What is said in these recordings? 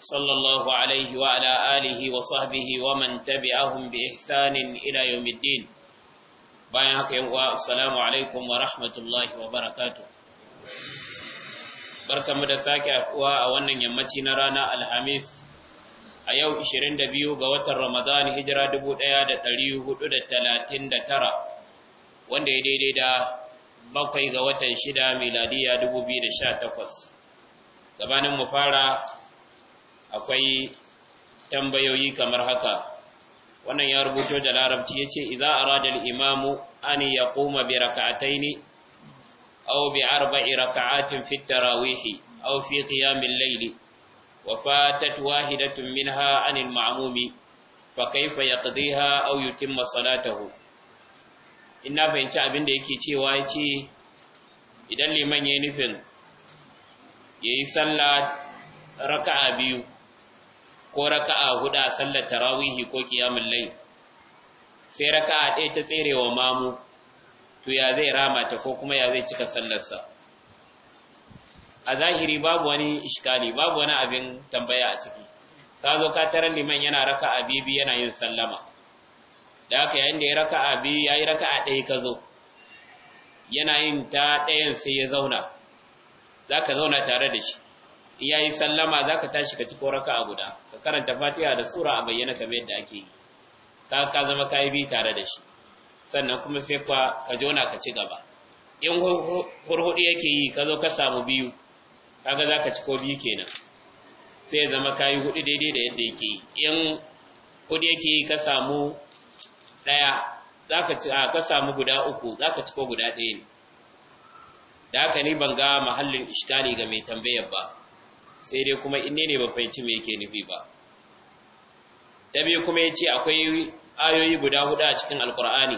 صلى الله عليه وعلى آله وصحبه ومن تبعهم بإحسان إلى يوم الدين bayan haka yan uwa alaikum wa rahmatullahi wa barkamu da sake haɗuwa a wannan yammaci na rana alhamis a yau 22 ga watan ramadan hijira 1439 wanda ya daidai da bakwai ga watan shida miladiya 2018 gabanin mu fara akwai tambayoyi kamar haka wannan ya rubuto da larabci yace idza arada al-imamu an yaquma bi rak'ataini aw bi arba'i rak'atin fi tarawih aw fi qiyam al-layl wa fatat wahidatun minha an al-ma'mumi fa kayfa yaqdiha aw yutimma salatahu inna fahimci abin da yake cewa yace idan liman yayin nufin yayi sallah raka'a biyu ko raka'a huda a sallar tarawihi ko qiyamul layl sai raka'a ɗaya ta tsere wa mamu to ya zai rama ta ko kuma ya zai cika sallarsa a zahiri babu wani iskali babu wani abin tambaya a ciki ka zo ka tarar liman yana raka'a bibi yana yin sallama da haka yayin da ya raka'a biyu yayi raka'a ɗaya ka zo yana yin ta ɗayan sai ya zauna za ka zauna tare da shi yi sallama zaka tashi ka ci ko a guda ka karanta Fatiha da sura a bayyana kamar yadda ake yi ka ka zama kai bi tare da shi sannan kuma sai ka ka jona ka ci gaba in hurhudi yake yi ka zo ka samu biyu kaga zaka ci ko biyu kenan sai zama yi hudu daidai da yadda yake in hudu yake yi ka samu daya zaka ci ka samu guda uku zaka ci ko guda ɗaya ne da haka ni ban ga mahallin iskali ga mai tambayar ba sai dai kuma inne ne ba fahimci me yake nufi ba da biyu kuma ya ce akwai ayoyi guda hudu a cikin alqur'ani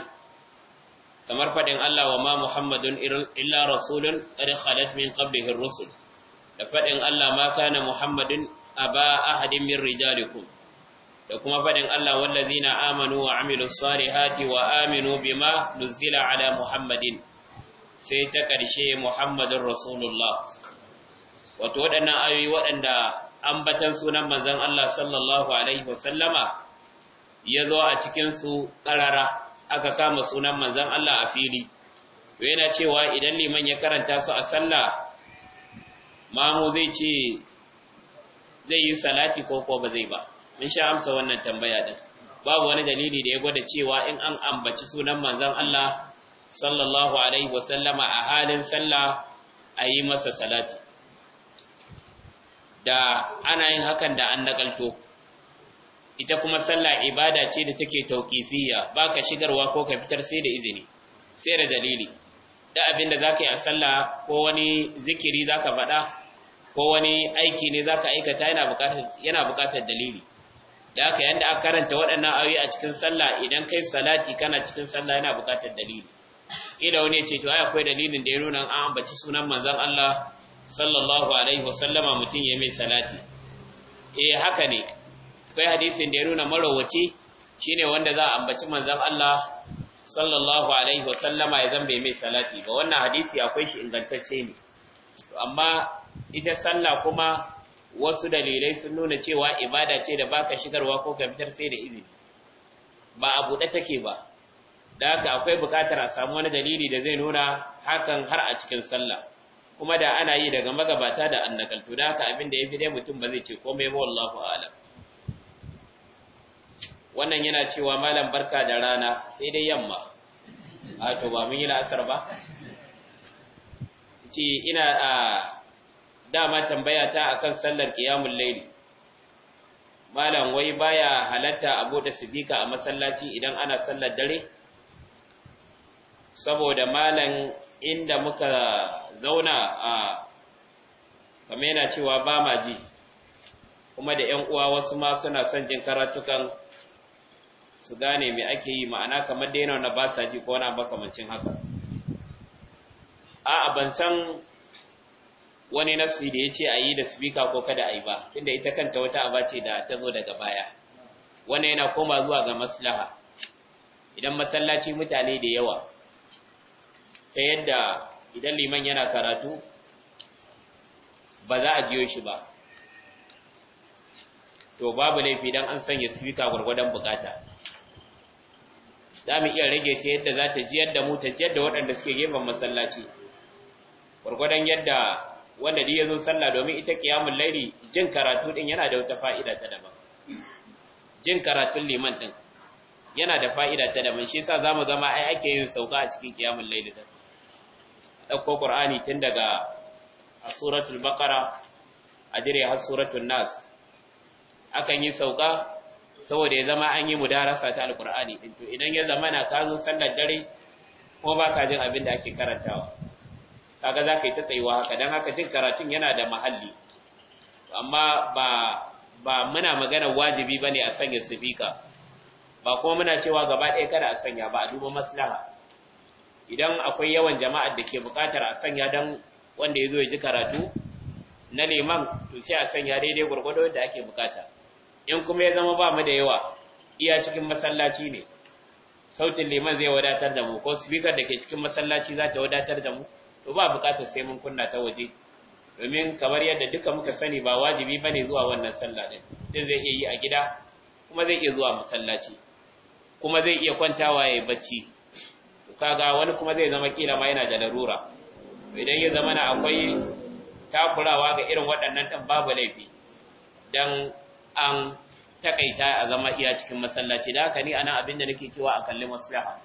kamar fadin Allah wa ma Muhammadun illa rasulun qad khalat min qablihi ar-rusul da fadin Allah ma na Muhammadun aba ahadin min rijalikum da kuma fadin Allah wallazina amanu wa amilu salihati wa aminu bima nuzila ala Muhammadin sai ta ƙarshe Muhammadun Rasulullah wato waɗannan ayoyi waɗanda ambatan sunan manzon Allah sallallahu alaihi wasallama ya zo a cikin su ƙarara aka kama sunan manzon Allah a fili to yana cewa idan liman ya karanta su a sallah mamu zai ce zai yi salati ko ko ba zai ba mun sha amsa wannan tambaya din babu wani dalili da ya gwada cewa in an ambaci sunan manzon Allah sallallahu alaihi wasallama a halin sallah a yi masa salati da ana yin hakan da an nakalto ita kuma sallah ibada ce da take tauqifiyya baka shigarwa ko ka fitar sai da izini sai da dalili da abin da zaka yi a sallah ko wani zikiri zaka faɗa ko wani aiki ne zaka aikata yana buƙatar yana buƙatar dalili da haka yanda aka karanta waɗannan ayoyi a cikin sallah idan kai salati kana cikin sallah yana buƙatar dalili ila wani ya ce to ai akwai dalilin da ya nuna an ambaci sunan manzon Allah sallallahu alaihi wasallama mutum ya mai salati eh haka ne kai hadisin da ya nuna marawaci shine wanda za a ambaci manzon Allah sallallahu alaihi wasallama ya zambe mai salati ga wannan hadisi akwai shi ingantacce ne to amma ita sallah kuma wasu dalilai sun nuna cewa ibada ce da baka shigarwa ko ka fitar sai da izini ba a buɗe take ba da haka akwai bukatar a samu wani dalili da zai nuna hakan har a cikin sallah kuma da ana yi daga magabata da annakaltu da haka abin da ya fi dai mutum ba zai ce komai ba wallahu a'lam wannan yana cewa malam barka da rana sai dai yamma a to ba mun yi la'asar ba ci ina a dama tambaya ta akan sallar qiyamul layl malam wai baya halatta abu da sibika a masallaci idan ana sallar dare saboda malam inda muka zauna a kamar yana cewa ba ma ji kuma da ‘yan uwa wasu ma suna son jin karatukan su gane mai ake yi ma'ana kamar da yana wanda ba sa ji ko wani makamancin haka a ban san wani nafsi da ya ce a yi da spika ko kada a yi ba tunda ita kanta wata aba ce da ta zo daga baya Wani yana koma zuwa ga maslaha idan masallaci mutane da yawa ta yadda idan liman yana karatu ba za a jiyo shi ba to babu laifi dan an sanya sifika gurgurdan bukata za mu iya rage ta yadda za ta jiyar da mu ta jiyar da waɗanda suke gefen masallaci gurgurdan yadda wanda dai ya zo sallah domin ita qiyamul laili jin karatu din yana da wata fa'ida ta daban jin karatun liman din yana da fa'ida ta daban shi yasa zamu zama ai ake yin sauka a cikin qiyamul laili din ɗauko ƙur'ani tun daga suratul baqara a dire har suratul nas akan yi sauka saboda ya zama an yi mudarasa ta alqur'ani din to idan ya zama na ka zo sallar dare ko ba ka jin abin da ake karantawa kaga ka yi ta tsayuwa haka dan haka jin karatun yana da mahalli amma ba ba muna magana wajibi bane a sanya sifika ba kuma muna cewa gaba ɗaya kada a sanya ba a duba maslaha idan akwai yawan jama'ar da ke bukatar a sanya dan wanda ya zo ya ji karatu na neman to a sanya daidai gwargwado da ake bukata in kuma ya zama ba mu da yawa iya cikin masallaci ne sautin neman zai wadatar da mu ko speaker da ke cikin masallaci za ta wadatar da mu to ba bukatar sai mun kunna ta waje domin kamar yadda duka muka sani ba wajibi bane zuwa wannan sallah din mutum zai iya yi a gida kuma zai iya zuwa masallaci kuma zai iya kwantawa ya bacci kaga wani kuma zai zama kila ma yana da larura idan ya zama na akwai takurawa ga irin waɗannan ɗan babu laifi dan an takaita a zama iya cikin masallaci da haka ni a abin da nake cewa a kalli maslaha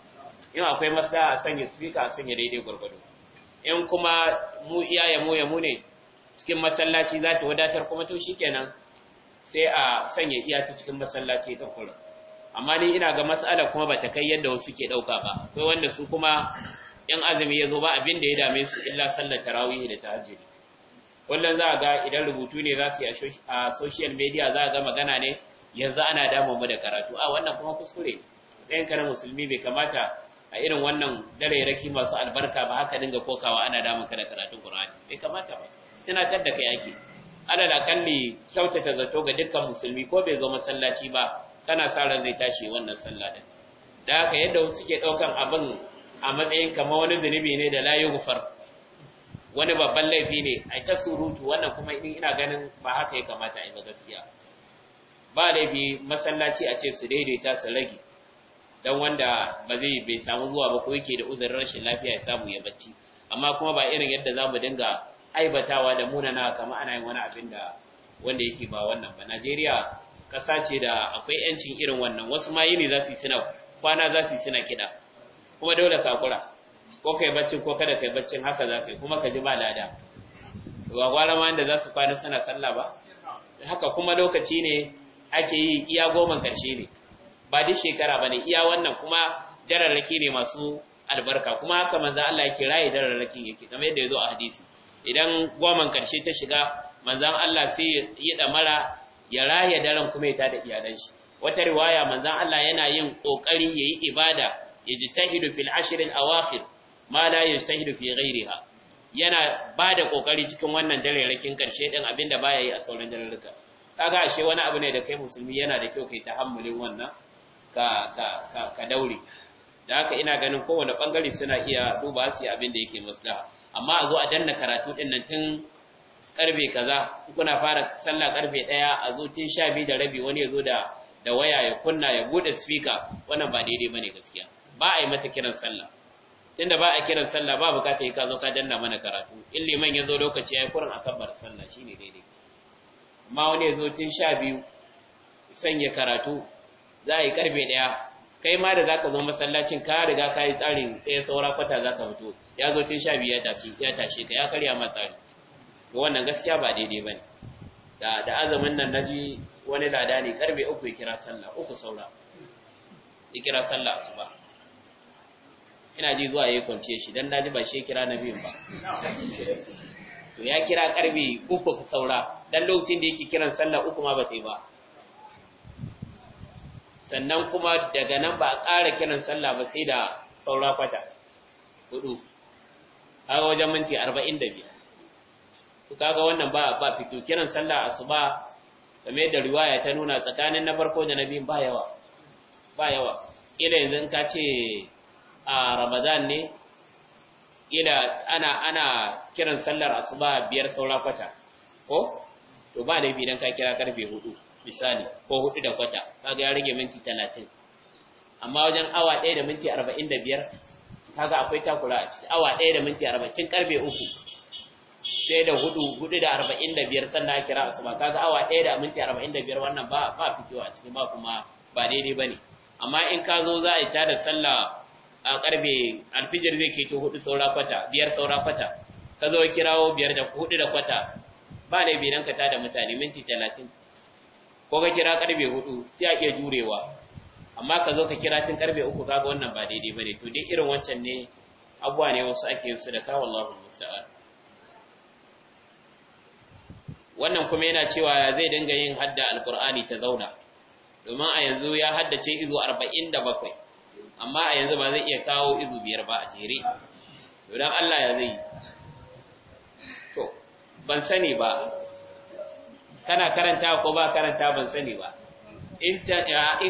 in akwai maslaha a sanya speaker a sanya daidai gurgudu in kuma mu iya ya mu ya mu ne cikin masallaci za ta wadatar kuma to shikenan sai a sanya iya ta cikin masallaci ta kullum amma ni ina ga mas'ala kuma ba ta kai yadda wasu ke ɗauka ba akwai wanda su kuma yan azumi ya zo ba abin da ya dame su illa sallar tarawih da tahajjud Wannan za ga idan rubutu ne za su yi a social media za ga magana ne yanzu ana damu mu da karatu a wannan kuma kuskure ɗayan na musulmi bai kamata a irin wannan dare raki masu albarka ba haka dinga kokawa ana damun ka da karatun Qur'ani bai kamata ba suna da kai ake alal kalli kyautata zato ga dukkan musulmi ko bai zo masallaci ba kana sa ran zai tashi wannan sallah din da haka yadda wasu suke daukan abin a matsayin kamar wani zunubi ne da layu gufar wani babban laifi ne ai ta surutu wannan kuma in ina ganin ba haka ya kamata a ba gaskiya ba laifi masallaci a ce su daidaita su rage dan wanda ba zai bai samu zuwa ba ko yake da uzurin rashin lafiya ya samu ya bacci amma kuma ba irin yadda zamu dinga aibatawa da munana kamar ana yin wani abin da wanda yake ba wannan ba Najeriya ƙasa ce da akwai ‘yancin irin wannan wasu ma yini za su yi suna kwana za su yi suna kiɗa kuma dole kakura ko kai baccin ko kada kai baccin haka za ka yi kuma ka ji ba lada ba gwara ma yadda za su kwana suna sallah ba haka kuma lokaci ne ake yi iya goman ƙarshe ne ba duk shekara ba ne iya wannan kuma jararraki ne masu albarka kuma haka manzan Allah yake raye jararrakin yake kamar yadda ya zo a hadisi idan goman ƙarshe ta shiga manzan Allah sai yi ɗamara ya raya daren kuma ya ta da iyalan shi wata riwaya manzon Allah yana yin kokari yayi ibada yajtahidu fil ashr al awakhir ma la yajtahidu fi ghayriha yana bada kokari cikin wannan dare rakin karshe din abinda baya yi a sauran darurruka kaga ashe wani abu ne da kai musulmi yana da kyau kai tahammulin wannan ka ka ka, ka daure da haka ina ganin kowane bangare suna iya duba su abinda yake maslaha amma a zo a danna karatu din tun karfe kaza kuna fara sallah karfe ɗaya a zo tun sha da rabi wani ya zo da da waya ya kunna ya bude speaker wannan ba daidai bane gaskiya ba a yi mata kiran sallah tunda ba a kiran sallah ba bukata yi ka zo ka danna mana karatu in liman ya zo lokaci ya yi kurin a kabbar sallah shine daidai amma wani ya zo tun sha sanya karatu za a yi karfe ɗaya kai ma da zaka zo masallacin ka riga ka yi tsarin ɗaya saura kwata zaka fito ya zo tun sha ya tashi ya tashi ka ya karya ma tsari to wannan gaskiya ba daidai bane da da azumin nan naji wani lada ne karbe uku ya kira sallah uku saura ya kira sallah asuba ina ji zuwa yayin kwance shi dan naji ba shi kira nabi ba to ya kira karbe uku saura dan lokacin da yake kiran sallah uku ma ba sai ba sannan kuma daga nan ba a ƙara kiran sallah ba sai da saura kwata hudu a wajen minti arba'in da biyar to kaga wannan ba ba fito kiran sallah asuba kamar da riwaya ta nuna tsakanin na farko da nabi ba yawa ba yawa ila yanzu in ka ce a ramadan ne ila ana ana kiran sallar asuba biyar saura kwata ko to ba da idan ka kira karfe hudu misali ko hudu da kwata kaga ya rage minti talatin amma wajen awa ɗaya da minti arba'in da biyar kaga akwai takura a ciki awa ɗaya da minti arba'in karfe uku sai da hudu hudu da arba'in da biyar sannan kira asuba kaga awa ɗaya da minti arba'in da biyar wannan ba ba fitowa a cikin ba kuma ba daidai ba ne amma in ka zo za a yi tada sallah a ƙarfe alfijir zai ke to hudu saura kwata biyar saura kwata ka zo kirawo biyar da hudu da kwata ba da binan ka tada mutane minti talatin ko ka kira ƙarfe hudu sai a iya jurewa amma ka zo ka kira tun ƙarfe uku kaga wannan ba daidai ba ne to dai irin wancan ne abuwa ne wasu ake yin su da kawo Allahu musta'an wannan kuma yana cewa ya zai dinga yin hadda alkur'ani ta zauna domin a yanzu ya haddace izu 47 amma a yanzu ba zai iya kawo izu biyar ba a jere don Allah ya zai to ban sani ba kana karanta ko ba karanta ban sani ba in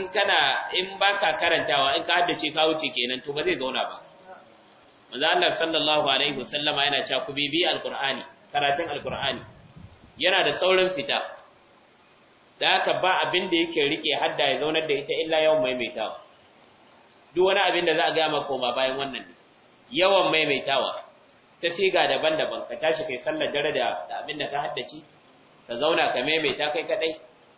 kana in baka karantawa in ka haddace ka wuce kenan to ba zai zauna ba manzo Allah sallallahu alaihi wasallama yana cewa ku bibi alkur'ani karatun alkur'ani yana da saurin fita da haka ba abin da yake rike hadda ya zaunar da ita illa yawan maimaitawa duk wani abin da za a gama koma bayan wannan ne yawan maimaitawa ta siga daban-daban ka tashi kai sallar dare da abin da ka haddace ka zauna ka maimaita kai kadai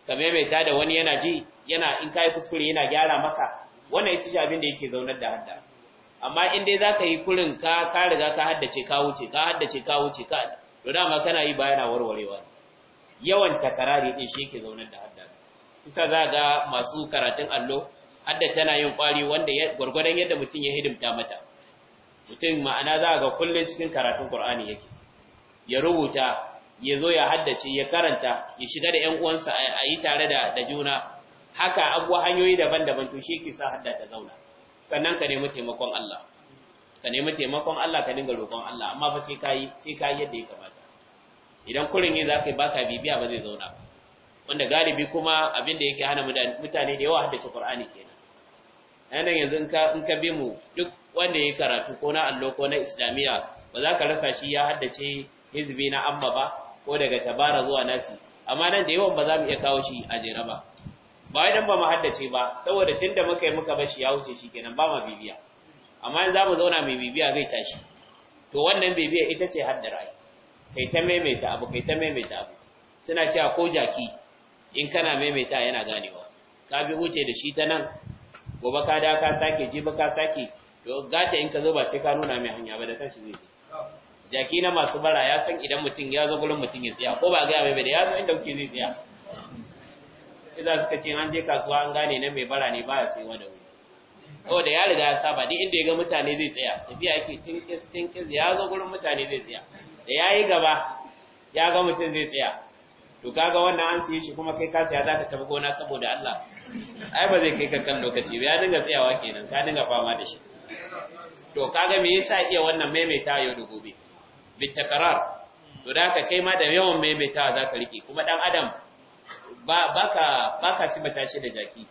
ka maimaita da wani yana ji yana in kai kuskure yana gyara maka wannan ita ce abin da yake zaunar da hadda amma in dai zaka yi kurin ka ka riga ka haddace ka wuce ka haddace ka wuce ka to dama kana yi bayana warwarewa yawan takarari din shi yake zaunar da hadda kisa za ga masu karatun allo hada tana yin kwari wanda gwargwadon yadda mutum ya hidimta mata mutum ma'ana za ga kullum cikin karatun Kur'ani yake ya rubuta ya zo ya haddace ya karanta ya shiga da 'yan uwansa a yi tare da juna haka abuwa hanyoyi daban-daban to shi ke sa hadda ta zauna sannan ka nemi taimakon Allah ka nemi taimakon Allah dinga roƙon Allah amma fa sai kai sai yadda ya kamata idan kurin ne za ka yi ba ka bibiya ba zai zauna wanda galibi kuma abin da yake hana mutane da yawa haddace Qur'ani kenan yanayin yanzu in ka bi mu duk wanda ya karatu ko na allo ko na islamiyya ba za ka rasa shi ya haddace hizbi na amma ba ko daga tabara zuwa nasi amma nan da yawan ba za mu iya kawo shi a jere ba ba wai ba mu haddace ba saboda tun da muka yi muka shi ya wuce shi kenan ba ma bibiya amma in za mu zauna mai bibiya zai tashi to wannan bibiya ita ce haddara kai ta maimaita abu kai ta maimaita abu suna cewa ko jaki in kana maimaita yana ganewa ka bi wuce da shi ta nan gobe ka da ka sake ji ba ka sake to gata in ka zo ba sai ka nuna mai hanya ba da shi zai jaki na masu bara ya san idan mutum ya zo gurin mutum ya tsaya ko ba ga mai da ya zo inda kuke zai tsaya idan suka ce an je kasuwa an gane nan mai bara ne ba ya tsaya da wuri ko da ya riga ya saba duk inda ya ga mutane zai tsaya tafiya yake tinkis tinkis ya zo gurin mutane zai tsaya da yi gaba ya ga mutum zai tsaya to kaga wannan an siye shi kuma kai ka tsaya ka tafi gona saboda Allah ai ba zai kai ka kan lokaci ba ya dinga tsayawa kenan ka dinga fama da shi to kaga me yasa iya wannan maimaita yau da gobe bitakarar to da ka kai ma da yawan maimaita ka rike kuma dan adam ba baka baka sibata shi da jaki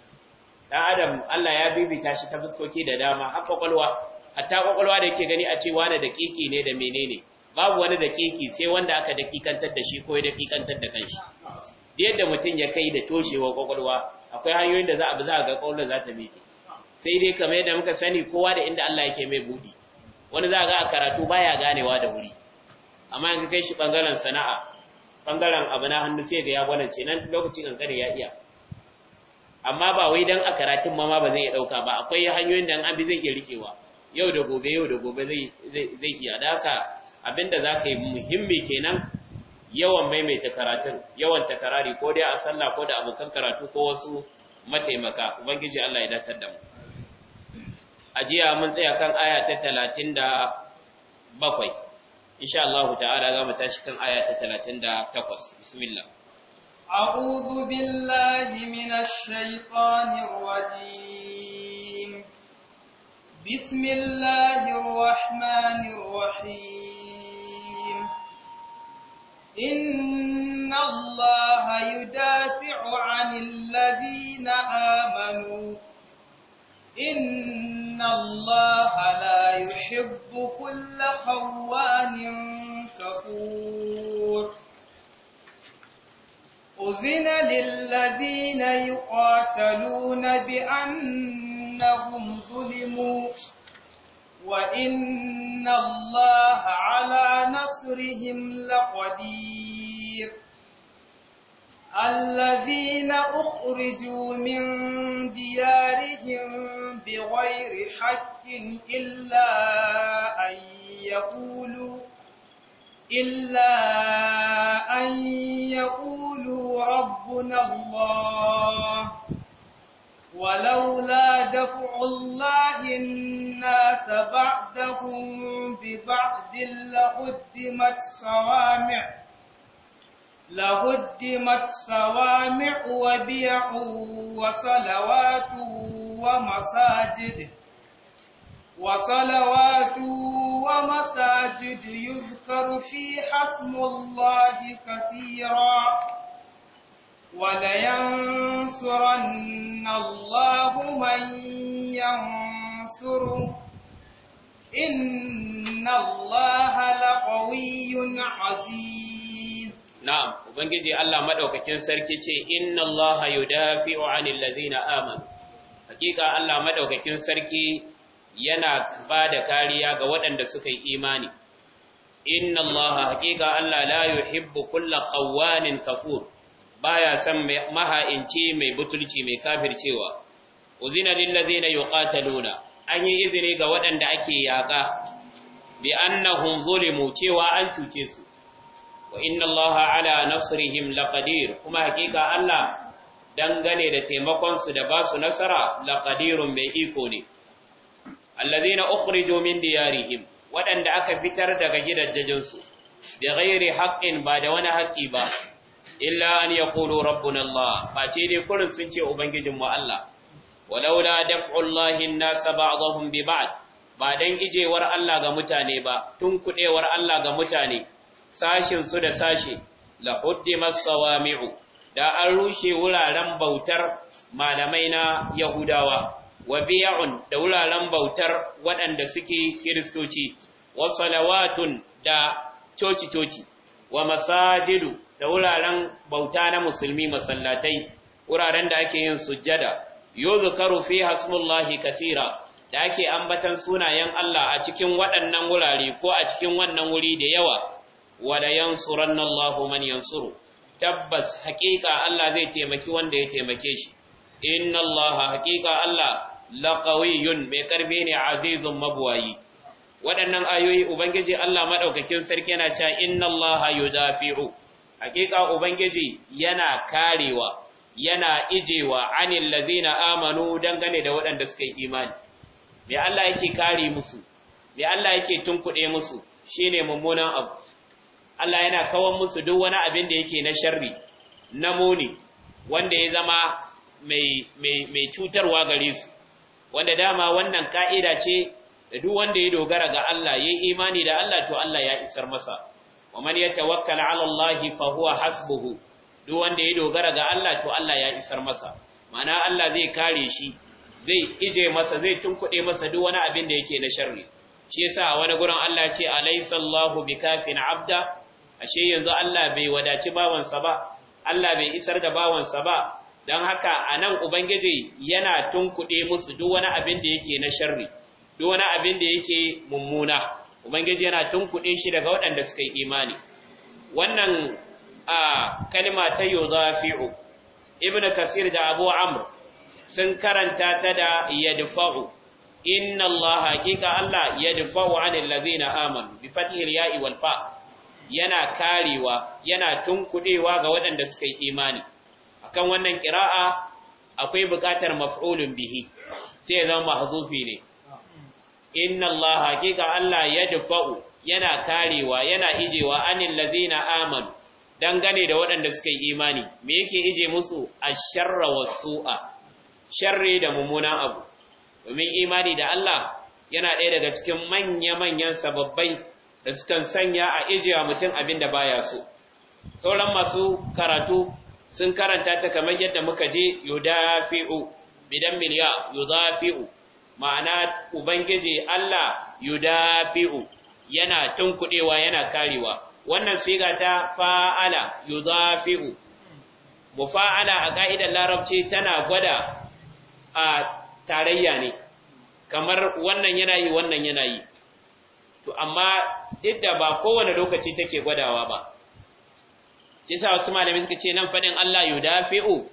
dan adam Allah ya bibita shi ta fuskoki da dama har kwakwalwa hatta kwakwalwa da yake gani a ce wani da kiki ne da menene babu wani dakiki sai wanda aka dakikantar da shi ko ya dakikantar da kanshi da yadda mutum ya kai da toshewa kwakwalwa akwai hanyoyin da za a za ga kwakwalwa za ta miƙe sai dai kamar yadda muka sani kowa da inda Allah yake mai buɗi wani za a ga a karatu baya ganewa da wuri amma in kai shi bangaren sana'a bangaren abu na hannu sai ga ya gwanance nan lokacin kankare ya iya amma ba wai dan a karatun ma ba zai iya dauka ba akwai hanyoyin da an bi zai iya rikewa yau da gobe yau da gobe zai zai iya da haka abinda za ka yi muhimmi kenan yawan maimaita karatun yawan takarari ko dai a sallah ko da abokan karatu ko wasu mataimaka ubangiji Allah ya datar da mu ajiya mun tsaya kan aya ta 37 insha Allah ta'ala za mu tashi kan aya ta 38 bismillah أعوذ بالله من الشيطان الرجيم بسم الله الرحمن الرحيم إن الله يدافع عن الذين آمنوا إن الله لا يحب كل خوان كفور أذن للذين يقاتلون بأنهم ظلموا وإن الله على نصرهم لقدير الذين أخرجوا من ديارهم بغير حق إلا أن يقولوا إلا أن يقولوا ربنا الله ولولا دفع الله الناس بعدهم ببعض لقدمت صوامع لقدمت صوامع وبيع وصلوات ومساجد وصلوات ومساجد يذكر فيها اسم الله كثيرا ولينصرن الله من ينصره إن الله لقوي عزيز نعم وبنجي الله مدوكاكين سركي إن الله يدافع عن الذين آمنوا حقيقة الله مدوكاكين سركي yana ba da kariya ga waɗanda suka yi imani. Inna Allah haƙiƙa Allah la yuhibbu kulla khawwanin kafur baya san maha'inci mai butulci mai kafircewa uzina lil yuqataluna an yi izini ga waɗanda ake yaƙa bi annahum zulimu cewa an cuce su wa inna allaha ala nasrihim laqadir kuma hakika Allah dangane da taimakon su da basu nasara laqadirun mai iko ne allazina ukhrijo min diyarihim waɗanda aka fitar daga gidajensu bi ghairi haqqin ba da wani haƙƙi ba illa an yaqulu rabbuna Allah face dai kurin sun ce ubangijin mu Allah walaula daf'ullahi an-nas ba'dahum bi ba'd ba dan ijewar Allah ga mutane ba tun kuɗewar Allah ga mutane sashin su da sashe, la huddi sawami'u da an rushe wuraren bautar malamai na Yahudawa wa biya'un da wuraren bautar waɗanda suke kiristoci wa salawatun da coci-coci wa masajidu da wuraren bauta na musulmi masallatai wuraren da ake yin sujjada yuzkaru fi hasmullahi kasira da ake ambatan sunayen Allah a cikin waɗannan wurare ko a cikin wannan wuri da yawa wala yansurannallahu man yansuru tabbas haƙiƙa Allah zai taimaki wanda ya taimake shi inna Allah haƙiƙa Allah laqawiyyun mai karbe ne azizun mabwayi waɗannan ayoyi ubangiji Allah madaukakin sarki yana cewa inna Allah yudafi'u hakika ubangiji yana karewa yana ijewa anil ladina amanu dangane da waɗanda suka yi imani me Allah yake kare musu me Allah yake tunkuɗe musu shine mummunan abu Allah yana kawan musu duk wani abin da yake na sharri na muni wanda ya zama mai mai mai cutarwa gare su wanda dama wannan ka'ida ce da duk wanda ya dogara ga Allah yayi imani da Allah to Allah ya isar masa wa man yatawakkal ala Allah fa huwa hasbuhu duk wanda ya dogara ga Allah to Allah ya isar masa ma'ana Allah zai kare shi zai ije masa zai tunkuɗe masa duk wani abin da yake na sharri shi yasa wani gurin Allah ce alaysa Allahu bikafin abda ashe yanzu Allah bai wadaci bawansa ba Allah bai isar da bawansa ba dan haka a nan Ubangiji yana tunkuɗe musu duk wani abin da yake na sharri, duk wani abin da yake mummuna, ubangiji yana tunkuɗe shi daga waɗanda suka yi imani wannan a kalma ta yuzafi'u Ibn kasir da abu amr sun karanta ta da fa’u, inna allah hakika allah yadfa'u anil na amanu bi fatihir ya'i yana karewa yana tunkuɗewa ga waɗanda suka yi imani akan wannan ƙira'a akwai buƙatar maf'ulun bihi sai zama mahazufi ne inna Allah hakika Allah ya dafa'u yana karewa yana ijewa anil lazina amanu dangane da waɗanda suka yi imani me yake ije musu a asharra a? sharri da mummunan abu domin imani da Allah yana ɗaya daga cikin manya-manyan sababbai da sukan sanya a ijewa mutum abin da baya so sauran masu karatu sun karanta ta kamar yadda muka je yudafi'u bidan miliya yudafi'u ma'ana ubangiji Allah yudafi'u yana tun kuɗewa yana karewa wannan siga ta fa'ala yudafi'u fa’ala a ka'idar larabci tana gwada a tarayya ne kamar wannan yana yi wannan yana yi to amma duk da ba kowane lokaci take gwadawa ba kisa wasu malamai suka ce nan faɗin Allah yudafi'u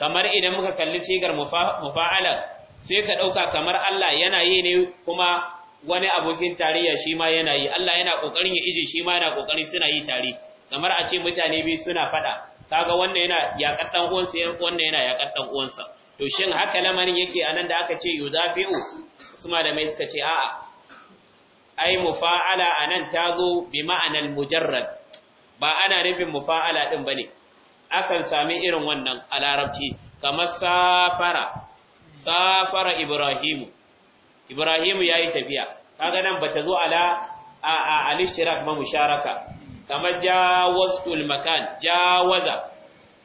kamar idan muka kalli sigar mufa'ala sai ka ɗauka kamar Allah yana yi ne kuma wani abokin tarayya shi ma yana yi Allah yana kokarin ya ije shi ma yana kokarin suna yi tare kamar a ce mutane biyu suna fada kaga wannan yana yakar uwansa wannan yana yakar uwansa to shin haka lamarin yake anan da aka ce yuzafi'u su malamai suka ce a'a ai mufa'ala anan ta zo bi ma'anar mujarrad ba ana nufin mufa'ala din ne. akan sami irin wannan a larabci kamar safara safara ibrahimu ibrahimu yayi tafiya kaga nan bata zo ala a a al mu ma musharaka kamar jawazul makan jawaza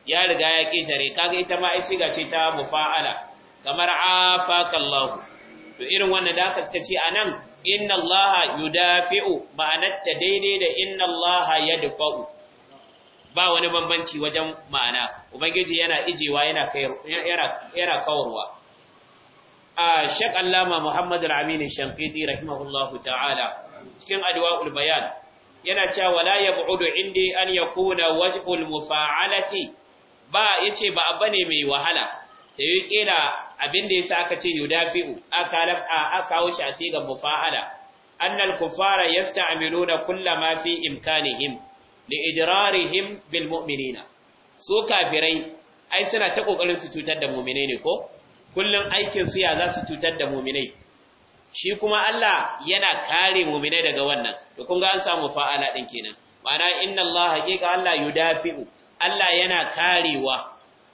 ya riga ya kitare kaga ita ma ai siga ce ta mufa'ala kamar afakallahu to irin wannan da aka suka ce anan inna Allah yudafi'u ma'anar ta daidai da inna ya yadfa'u ba wani bambanci wajen ma'ana ubangiji yana ijewa yana yana yana kawarwa a shek allama muhammad al-amin rahimahullahu ta'ala cikin adwa'ul bayan yana cewa wala yab'udu indi an yakuna wajhul mufa'alati ba yace ba bane mai wahala da yi kila abin da yasa aka ce yudafi'u aka aka kawo shi a sigar mufa'ala annal kufara yasta'miluna kullama fi imkanihim li idrarihim bil mu'minina su kafirai ai suna ta kokarin su cutar da mu'mine ne ko kullum aikin su ya za su cutar da muminai shi kuma Allah yana kare muminai daga wannan to kun ga an samu fa'ala din kenan ma'ana inna Allah haqiqa Allah yudafi'u Allah yana karewa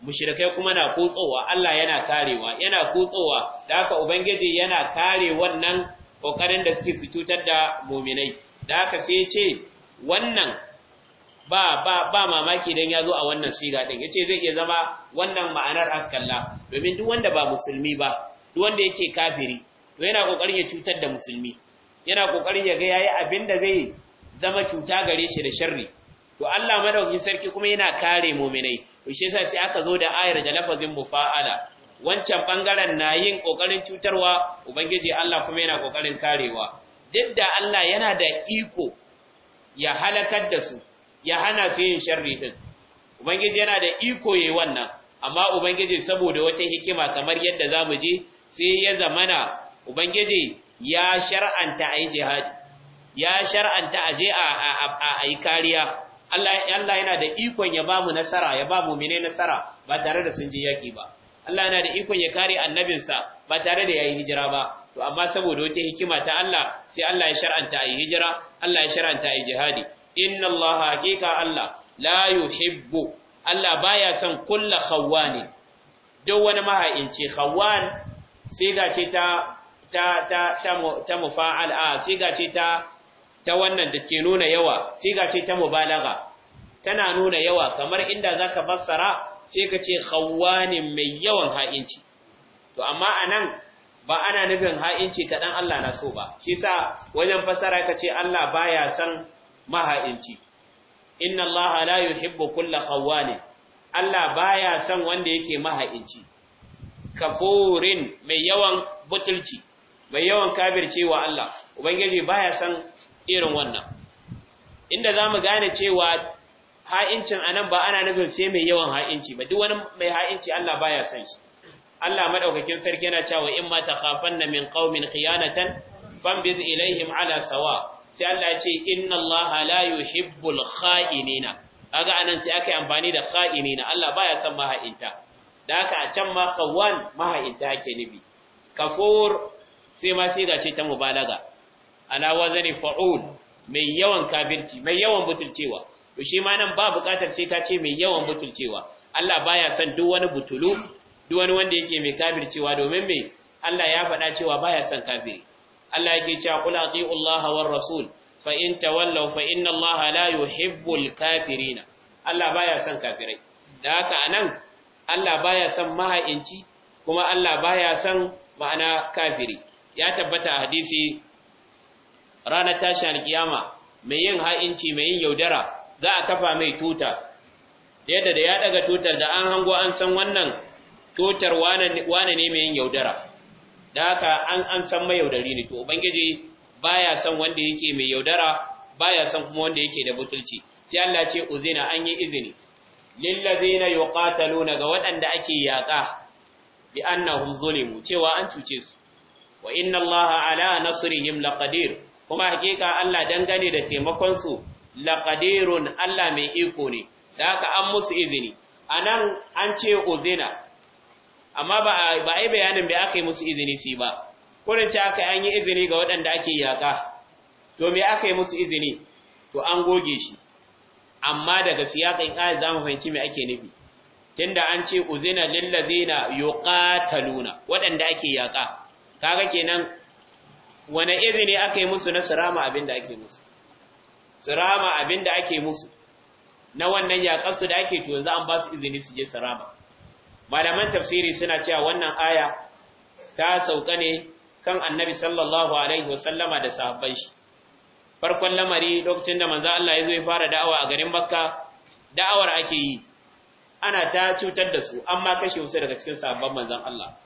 mushrikai kuma na kutsowa Allah yana karewa yana kutsowa da haka ubangiji yana kare wannan kokarin da suke su cutar da muminai da haka sai ce wannan ba ba ba mamaki dan ya zo a wannan siga din yace zai iya zama wannan ma'anar akalla domin duk wanda ba musulmi ba duk wanda yake kafiri to yana kokarin ya cutar da musulmi yana kokarin ya ga yayi abin da zai zama cuta gare shi da sharri to Allah madaukin sarki kuma yana kare mu'minai to shi yasa sai aka zo da ayar da lafazin mufa'ala wancan bangaren na yin kokarin cutarwa ubangiji Allah kuma yana kokarin karewa duk da Allah yana da iko ya halakar da su ya hana su yin sharri din ubangiji yana da iko yayi wannan amma ubangiji saboda wata hikima kamar yadda zamu je sai ya zamana ubangiji ya shar'anta ayi jihad ya shar'anta aje a ayi kariya Allah yana da ikon ya bamu nasara ya bamu mene nasara ba tare da sun je yaki ba Allah yana da ikon ya kare annabinsa ba tare da yayi hijira ba to amma saboda wata hikima ta Allah sai Allah ya shar'anta ayi hijira Allah ya shar'anta ayi jihadi inna Allah hakika Allah la yuhibbu Allah baya son kulla khawani duk wani maha'inci khawan siga ce ta ta ta ta, ta mufa'al a siga ce ta ta wannan da ke nuna yawa siga ce ta mubalaga tana nuna yawa kamar inda zaka fassara sai ka ce khawanin mai yawan ha'inci to amma anan ba ana nufin ha'inci kaɗan Allah na so ba, shi sa wajen fassara ka ce Allah baya san maha'inci inna allaha la yuhibbu kulla ne. Allah baya son wanda yake maha'inci kafurin mai yawan butulci mai yawan kabircewa Allah ubangiji baya son irin wannan inda zamu gane cewa ha'incin anan ba ana nufin sai mai yawan ha'inci ba duk wani mai ha'inci Allah baya son shi Allah madaukakin sarki yana cewa in ma takhafanna min qaumin khiyanatan fambiz ilaihim ala sawa sai Allah ya ce inna Allah la yuhibbul kha'inina aga anan sai aka yi amfani da kha'inina Allah baya son maha'inta da aka a can ma kawan maha'inta ake nibi. kafur sai ma sai ga ce ta mubalaga ala wazani fa'ul mai yawan kafirci mai yawan butulcewa to shi ma nan ba bukatar sai ka ce mai yawan butulcewa Allah baya son duk wani butulu duk wani wanda yake mai kafircewa domin me Allah ya faɗa cewa baya son kafiri Allah yake cewa qul ati'u Allah war rasul fa in tawallaw fa inna Allah la yuhibbul kafirina Allah baya son kafirai da haka anan Allah baya son maha'inci kuma Allah baya son ma'ana kafiri ya tabbata a hadisi ranar tashin alkiyama mai yin ha'inci mai yin yaudara za a kafa mai tuta yadda da ya daga tutar da an hango an san wannan tutar wane ne mai yin yaudara da haka an an san mai yaudari ne to ubangiji baya san wanda yake mai yaudara baya san kuma wanda yake da butulci sai Allah ce uzina an yi izini ladina yuqataluna ga waɗanda ake yaƙa bi annahum zulimu cewa an cuce su wa inna Allaha ala nasrihim laqadir kuma hakika Allah dangane da taimakon su laqadirun Allah mai iko ne da haka an musu izini anan an ce uzina amma ba ba ai bayanin bai aka yi musu izini su ba kurin ci aka an yi izini ga waɗanda ake yaka to me aka yi musu izini to an goge shi amma daga siyakan ayat zamu fahimci me ake nufi tunda an ce uzina lil ladina yuqataluna waɗanda ake yaka kaga kenan wane izini aka yi musu na sirama abinda ake musu sirama abinda ake musu na wannan yakarsu da ake to yanzu an ba su izini su je sirama malaman tafsiri suna cewa wannan aya ta sauka ne kan annabi sallallahu alaihi wasallama da sahabban shi farkon lamari lokacin da manzo Allah ya zo ya fara da'awa a garin Makka da'awar ake yi ana ta cutar da su amma kashe su daga cikin sahabban manzon Allah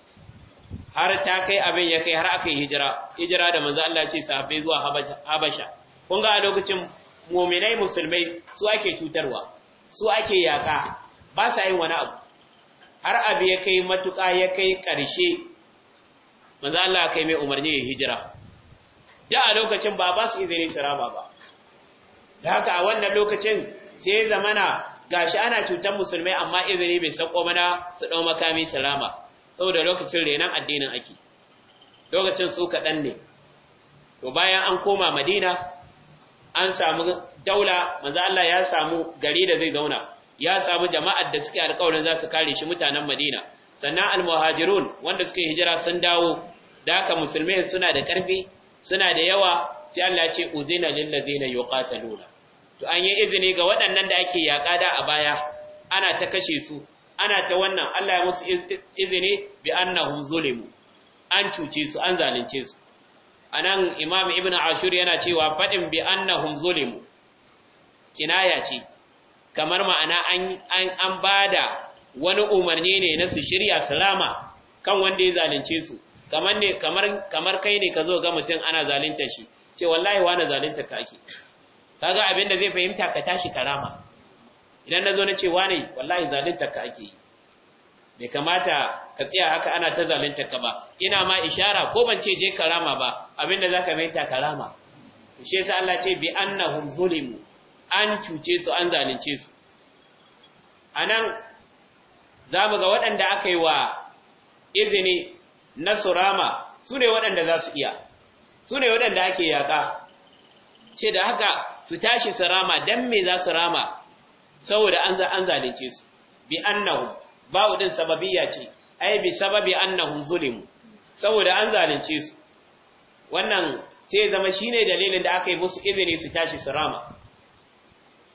har ta kai abin ya kai har aka yi hijira hijira da manzo Allah ya ce sahabbai zuwa Habasha kun ga a lokacin mu'minai musulmai su ake cutarwa su ake yaka ba sa yin wani abu har abu ya kai matuƙa ya kai ƙarshe manzan Allah kai mai umarni ya hijira da a lokacin ba ba su izinin shirama ba da haka a wannan lokacin sai ga shi ana cutar musulmai amma izini bai sako mana su ɗau makami salama saboda lokacin renan addinin ake lokacin su kaɗan ne to bayan an koma madina an samu daula manzan Allah ya samu gari da zai zauna ya samu jama'ar da suke alƙawarin za su kare shi mutanen Madina sannan al-muhajirun wanda suke hijira sun dawo da musulmai suna da ƙarfi suna da yawa sai Allah ya ce uzina lil ladina yuqataluna to an yi izini ga waɗannan da ake yaƙa da a baya ana ta kashe su ana ta wannan Allah ya musu izini bi annahum zulimu an cuce su an zalunce su anan imam ibnu ashur yana cewa fadin bi annahum zulimu kinaya ce kamar ma'ana an ba da wani umarni ne na su shirya salama kan wanda ya zalunce su kamar kai ne ka zo ga mutum ana zalunta shi ce wallahi wane zalunta ka ake kaga abin da zai fahimta ka tashi karama idan na zo na ce wane wallahi zalunta ka ake bai kamata ka tsaya haka ana ta zalunta ka ba ina ma ishara ko ban ce je karama ba abin da za ka fahimta karama shi yasa Allah ce bi annahum zulimu an cuce su an zalunce su anan za mu ga waɗanda aka yi wa izini na surama su ne waɗanda za su iya su ne waɗanda ake yaƙa ce da haka su tashi surama don me za su rama saboda an zalunce su bi annahu ba din sababiyya ce ai bi sababi annahum zulimu saboda an zalunce su wannan sai zama shine dalilin da aka yi musu izini su tashi surama. rama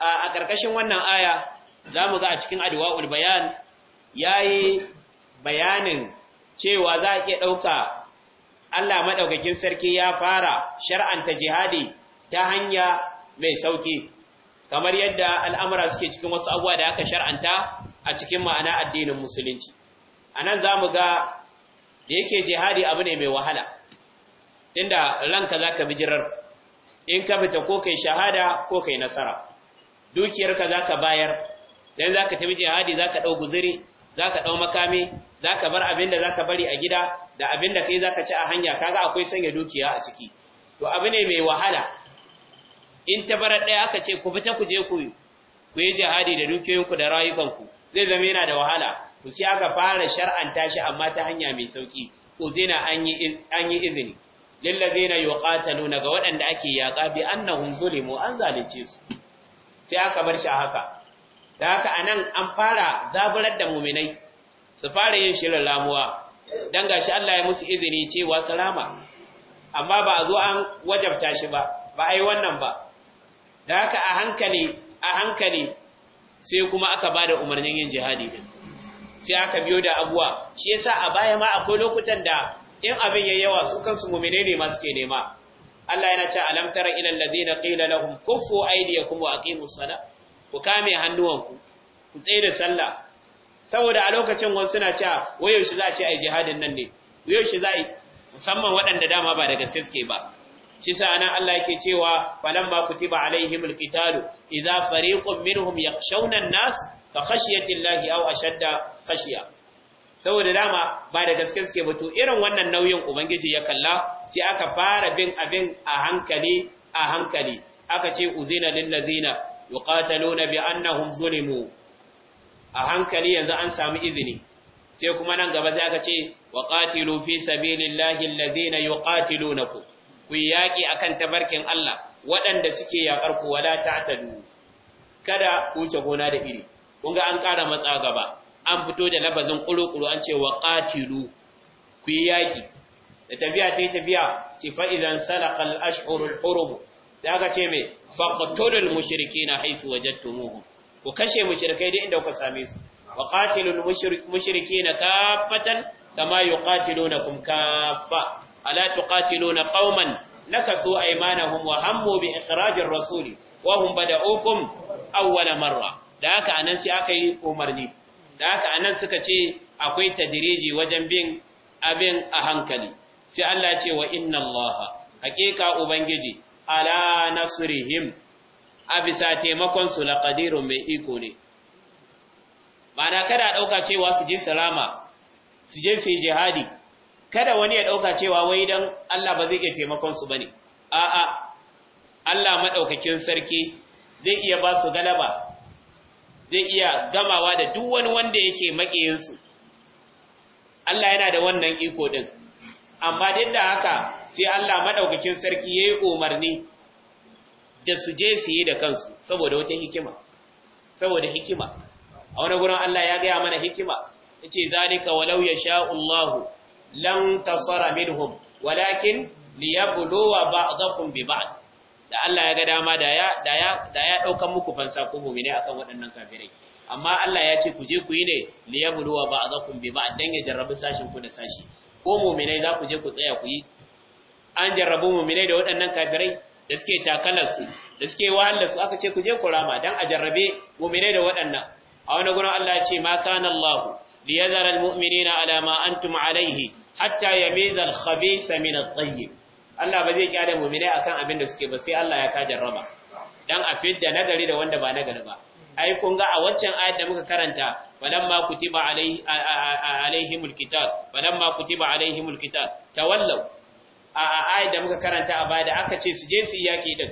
a ƙarƙashin wannan aya za mu ga a cikin adwa'ul bayan ya yi bayanin cewa za a iya ɗauka Allah maɗaukakin sarki ya fara shar'anta jihadi ta hanya mai sauki kamar yadda al'amura suke cikin wasu abuwa da aka shar'anta a cikin ma'ana addinin musulunci a nan za mu ga da yake jihadi abu ne mai wahala tunda ranka za ka jirar in ka fita ko kai shahada ko kai nasara dukiyarka za ka bayar don za ka tafi jihadi za ka ɗau guziri za ka ɗau makami za ka bar abin da za ka bari a gida da abin da kai za ka ci a hanya kaga akwai sanya dukiya a ciki to abu ne mai wahala in ta bar ɗaya aka ce ku fita ku je ku ku yi jihadi da dukiyoyinku da rayukanku zai zama yana da wahala ku sai aka fara shar'anta shi amma ta hanya mai sauki ko zina an yi izini lillazina yuqataluna ga waɗanda ake yaƙa bi annahum zulimu an zalunce su sai aka bar shi a haka da haka a nan an fara zaburar da muminai su fara yin shirin ramuwa dan gashi Allah ya musu izini cewa salama amma ba a zo an wajabta shi ba ba a yi wannan ba da haka a hankali a hankali sai kuma aka bada umarnin yin jihadi din sai aka biyo da abuwa shi yasa a baya ma akwai lokutan da in abin yayi yawa su kansu muminai ne ma suke nema Allah yana ce alam tara ila alladhina qila lahum kuffu aydiyakum wa aqimus sala ku kame hannuwanku ku tsaye da sallah saboda a lokacin wasu suna cewa wayar shi za a ce ai jihadin nan ne wayar shi za a musamman waɗanda dama ba daga suke ba shi sa Allah yake cewa falamma kutiba alaihimul qitalu idza fariqun minhum yakhshawna an-nas ka khashiyatillahi aw ashadda khashiya saboda dama ba da gaske suke ba to irin wannan nauyin ubangiji ya kalla sai aka fara bin abin a hankali a hankali aka ce uzina lillazina yuqataluna bi annahum zulimu a hankali yanzu an samu izini sai kuma nan gaba sai aka ce wa qatilu fi sabilillahi allazina yuqatilunakum ku yaki akan tabarkin Allah waɗanda suke yakar ku wala ta'tadu kada ku wuce gona da iri kun ga an ƙara matsa gaba an fito da labazin ƙuruƙuru an ce wa qatilu ku yaki da tafiya ta yi tafiya ce fa'idan salakal ashurul hurum da aka ce mai faƙattolul mushirki na haisu wajen tumuhu ku kashe mushirkai da inda kuka same su wa ƙatilul mushirki na kafatan kama yi ƙatilo na kum Alatu ƙatilo na ƙauman na kaso aimanahum wa hammu bi ikirajin rasuli wa hum bada'ukum awwala marra da haka anan sai aka yi umarni da anan suka ce akwai tadiriji wajen bin abin a hankali sai Allah ce wa inna Allah haƙiƙa ubangiji ala nasrihim a bisa taimakon su laqadirun mai iko ne ma'ana kada dauka cewa su je salama su je fi jihadi kada wani ya dauka cewa wai dan Allah ba zai iya taimakon su bane a'a Allah madaukakin sarki zai iya ba su galaba zai iya gamawa da duk wani wanda yake su Allah yana da wannan iko din amma duk da haka sai Allah madaukakin sarki yayi umarni da su je su yi da kansu saboda wata hikima saboda hikima a wani gurin Allah ya gaya mana hikima yace zalika walau yasha'u Allah lan tasara minhum walakin liyabluwa ba'dakum bi ba'd da Allah ya ga dama da ya da ya daukan muku fansa ku mu'mine akan waɗannan kafirai amma Allah ya ce ku je ku yi ne liyabluwa ba'dakum bi ba'd dan ya jarrabi sashin ku da sashi ko muminai za ku je ku tsaya ku yi an jarrabu muminai da waɗannan kafirai da suke takalarsu da suke wahalarsu aka ce ku je ku rama don a jarrabe muminai da waɗannan a wani gurin Allah ce ma kana Allah li yazara alama antuma ma alaihi hatta yamiza al-khabitha min at Allah ba zai kyale muminai akan abin da suke ba sai Allah ya ka jarraba Don a fidda nagari da wanda ba nagari ba ai kun ga a waccan ayat da muka karanta falamma kutiba alaihimul kitab falamma kutiba alaihimul kitab tawallaw a ayat da muka karanta a baya da aka ce su je su yaki din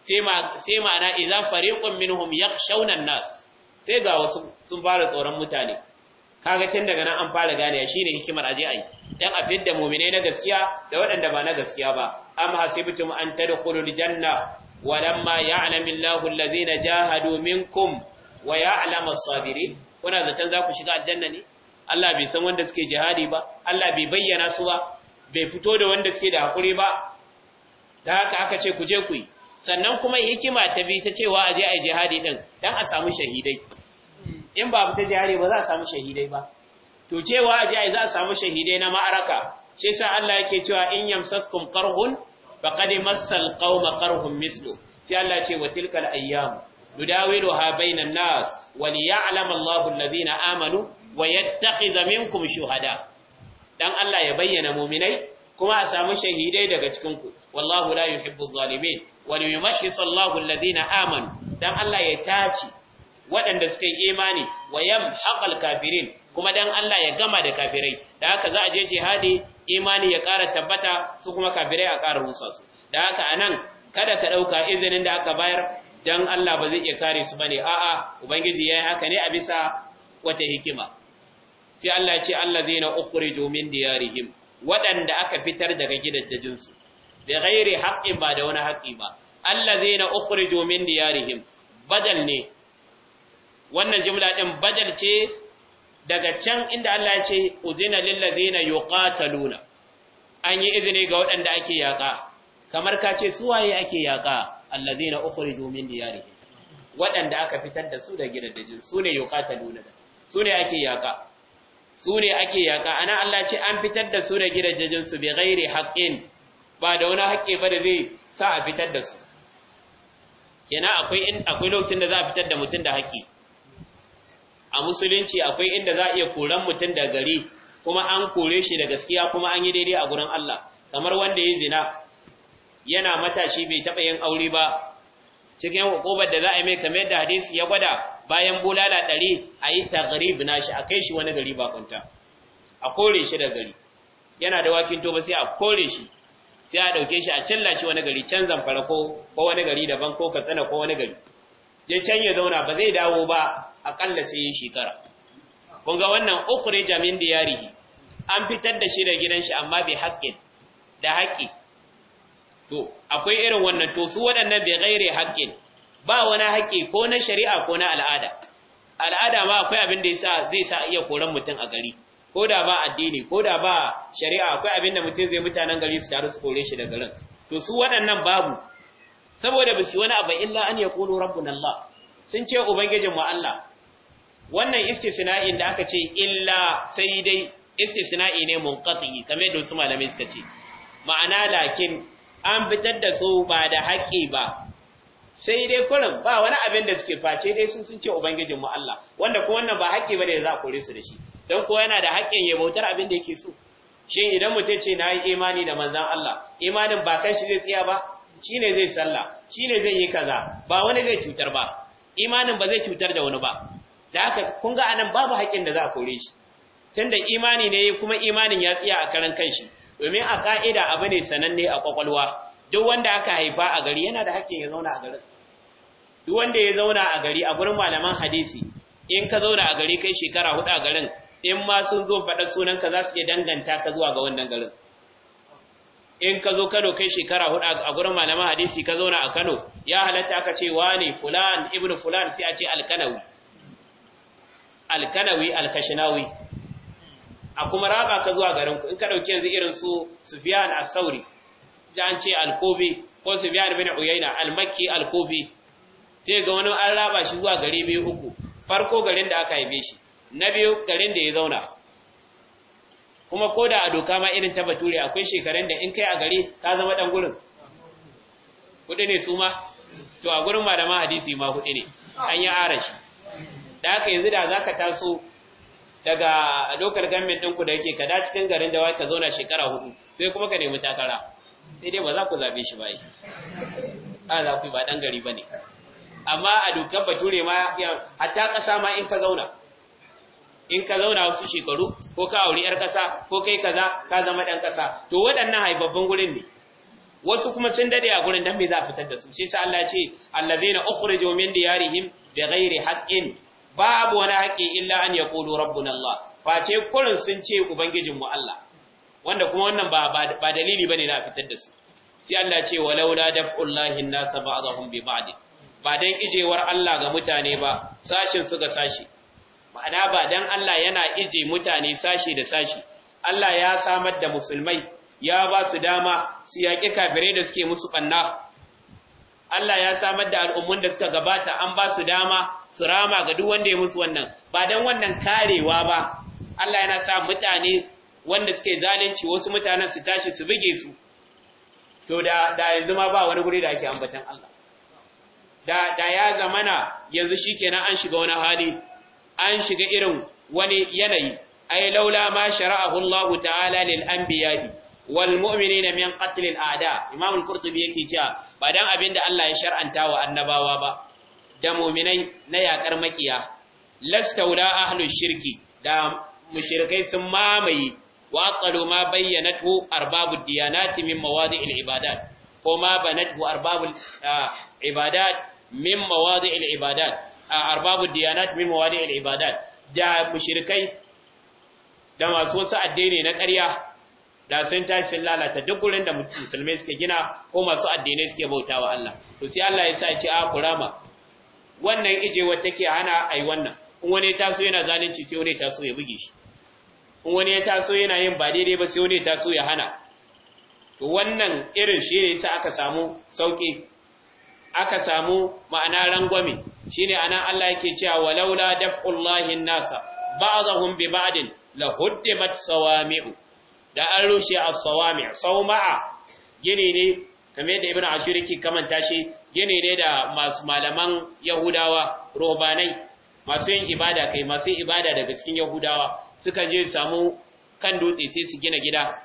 sai ma sai ma'ana idza fariqun minhum yakhshawna an-nas sai ga wasu sun fara tsoron mutane kaga tun daga nan an fara gane shine hikimar aje ai dan a fidda mu'mine na gaskiya da waɗanda ba na gaskiya ba am hasibtum an tadkhulul janna walamma ya'lamu Allahu allazina jahadu minkum wa ya'lamu as-sabirin kuna zaton za ku shiga aljanna ne Allah bai san wanda suke jihadi ba Allah bai bayyana su ba bai fito da wanda suke da hakuri ba da haka aka ce ku je ku yi sannan kuma hikima ta bi ta cewa a je a jihadi din dan a samu shahidai in ba ta jihadi ba za a samu shahidai ba to cewa a je a za a samu shahidai na ma'araka shi yasa Allah yake cewa in yamsaskum qarhun faqad masal kauma karhun mislu sai Allah ce wa tilkal ayyam nudawiluha bainan nas wa liya'lam Allahu alladhina amanu wa yattakhidha minkum shuhada dan Allah ya bayyana mu'minai kuma a samu shahidai daga cikin ku wallahu la yuhibbu adh-dhalimin wa liyumashshis Allahu alladhina amanu dan Allah ya taci. waɗanda suka yi imani wa yamhaqal kafirin kuma dan Allah ya gama da kafirai da haka za a je jihadi imani ya ƙara tabbata su kuma kafirai a ƙara rusa su da haka anan kada ka ɗauka izinin da aka bayar dan Allah ba zai iya kare su bane a'a ubangiji yayi haka ne a bisa wata hikima sai Allah ya ce allazina ukhriju min diyarihim waɗanda aka fitar daga gidajen su bi ghairi haqqin ba da wani haƙi ba allazina ukhriju min diyarihim badal ne wannan jumla din badal ce daga can inda Allah ya ce uzina lillazina yuqataluna an yi izini ga waɗanda ake yaƙa kamar ka ce su waye ake yaƙa allazina ukhriju min diyarihim waɗanda aka fitar da su da gidajin su ne yuqataluna su ne ake yaƙa su ne ake yaƙa ana Allah ce an fitar da su da gidajin su bi ghairi haqqin ba da wani haƙƙi ba da zai sa a fitar da su kenan akwai akwai lokacin da za a fitar da mutum da haƙƙi a musulunci akwai inda za a iya koran mutum da gari kuma an kore shi da gaskiya kuma an yi daidai a gurin Allah kamar wanda ya zina yana matashi bai taɓa yin aure ba cikin hukumar da za a yi mai kamar da hadisi ya gwada bayan bulala ɗari a yi tagrib shi a kai shi wani gari kunta a kore shi da gari yana da wakin toba sai a kore shi sai a ɗauke shi a cilla shi wani gari can zamfara ko wani gari daban ko katsina ko wani gari ya can ya zauna ba zai dawo ba akalla sai yin shekara kun ga wannan ukhrija da diyarihi an fitar da shi da gidan shi amma bai haƙƙin, da haƙƙi. to akwai irin wannan to su waɗannan bai ghairi haƙƙin, ba wani haƙi ko na shari'a ko na al'ada al'ada ma akwai abin da yasa zai sa iya koran mutum a gari ko da ba addini ko da ba shari'a akwai abin da mutum zai mutanen gari su taru su kore shi da garin to su waɗannan babu saboda ba su wani abu illa an ya kulu rabbun Allah sun ce ubangijin mu Allah wannan istisna'in da aka ce illa sai dai istisna'i ne munqati kamar da su malamai suka ce ma'ana lakin an fitar da su ba da haƙi ba sai dai kuran ba wani abin da suke face dai sun sun ce ubangijin mu Allah wanda ko wannan ba haƙi bane za a kore su da shi dan ko yana da haƙin ya bautar abin da yake so shin idan mutum ce na yi imani da manzan Allah imanin ba kan shi zai tsaya ba shine zai sallah shine zai yi kaza ba wani zai cutar ba imanin ba zai cutar da wani ba da aka kun ga anan babu haƙin da za a kore shi tunda imani ne kuma imanin ya tsaya a karan kanshi domin a ka'ida abu ne sananne a kwakwalwa duk wanda aka haifa a gari yana da haƙƙin ya zauna a gari duk wanda ya zauna a gari a gurin malaman hadisi in ka zauna a gari kai shekara hudu a garin in ma sun zo faɗa sunan ka za su iya danganta ka zuwa ga wannan garin in ka zo Kano kai shekara hudu a gurin malaman hadisi ka zauna a Kano ya halatta aka ce wane fulan ibnu fulan sai a ce alkanawi alkanawi alkashinawi a kuma raba ka zuwa garin in ka ɗauki yanzu irin su Sufyan as-Sauri da an ce al-Kufi ko Sufyan bin Uyayna al-Makki al sai ga wani an raba shi zuwa gari biyu uku farko garin da aka haife shi na biyu garin da ya zauna kuma ko da a doka ma irin ta Bature akwai shekarun da in kai a gari ka zama dan gurin kudi ne su ma to a gurin malaman hadisi ma kudi ne an yi arashi da aka yanzu da za ka taso daga dokar gamin ɗinku da yake kada cikin garin da waka ka zauna shekara hudu sai kuma ka nemi takara sai dai ba za ku zaɓe shi ba a za ku yi ba ɗan gari ba ne amma a dokar bature ma hatta ƙasa ma in ka zauna in ka zauna wasu shekaru ko ka auri 'yar ƙasa ko kai kaza ka zama ɗan ƙasa to waɗannan haifaffin gurin ne wasu kuma sun dade a gurin dan me za a fitar da su shi sa Allah ya ce allazina ukhrijo min diyarihim bighairi haqqin babu wani haƙƙi illa an ya ƙudu rabbu Allah face kurin sun ce ubangijin mu Allah wanda kuma wannan ba dalili ba ne na fitar da su sai Allah ce wa launa da ƙullahin nasa ba zahun bi ba'd ba don ijewar Allah ga mutane ba sashin su ga sashi ma'ana ba don Allah yana ije mutane sashi da sashi Allah ya samar da musulmai ya ba su dama su yaƙi kafirai da suke musu ɓanna. Allah ya samar da al'ummun da suka gabata an ba su dama su rama ga duk wanda ya musu wannan ba dan wannan karewa ba Allah yana sa mutane wanda suke zalunci wasu mutanen su tashi su buge su to da da yanzu ma ba wani guri da ake ambatan Allah da da ya zamana yanzu shikenan an shiga wani hali an shiga irin wani yanayi ai laula ma shara'ahu Allah ta'ala lil anbiya wal mu'minina min qatl al a'da Imam al-Qurtubi yake cewa ba dan abinda Allah ya shar'anta wa annabawa ba da muminai na yakar makiya lastaula ahlus shirki da mushrikai sun mamaye wa aqalu ma bayyanatu arbabud diyanati min mawadi'il ibadat ko ma banatu arbabul ah, ibadat min mawadi'il ibadat ah, arbabud diyanat min mawadi'il ibadat da mushrikai da masu wasu addini na ƙarya da sun tashi sun lalata duk gurin da musulmai suke gina ko masu addinai suke bautawa Allah to sai Allah ya sa ci a kurama wannan ijewar take hana ai wannan in wani ya taso yana zalunci sai wani ya taso ya buge shi in wani ya taso yana yin ba daidai ba sai wani ya taso ya hana to wannan irin shi ne sai aka samu sauki aka samu ma'ana rangwame shine anan Allah yake cewa walaula daf'ullahi nasa ba'dahum bi ba'din la huddimat sawami'u da an rushe as-sawami' sawma'a gine ne kamar yadda ibnu ashir yake kamanta shi gini ne da masu malaman Yahudawa, robanai, masu yin ibada kai masu ibada daga cikin Yahudawa, suka je samu kan dutse sai su gina gida,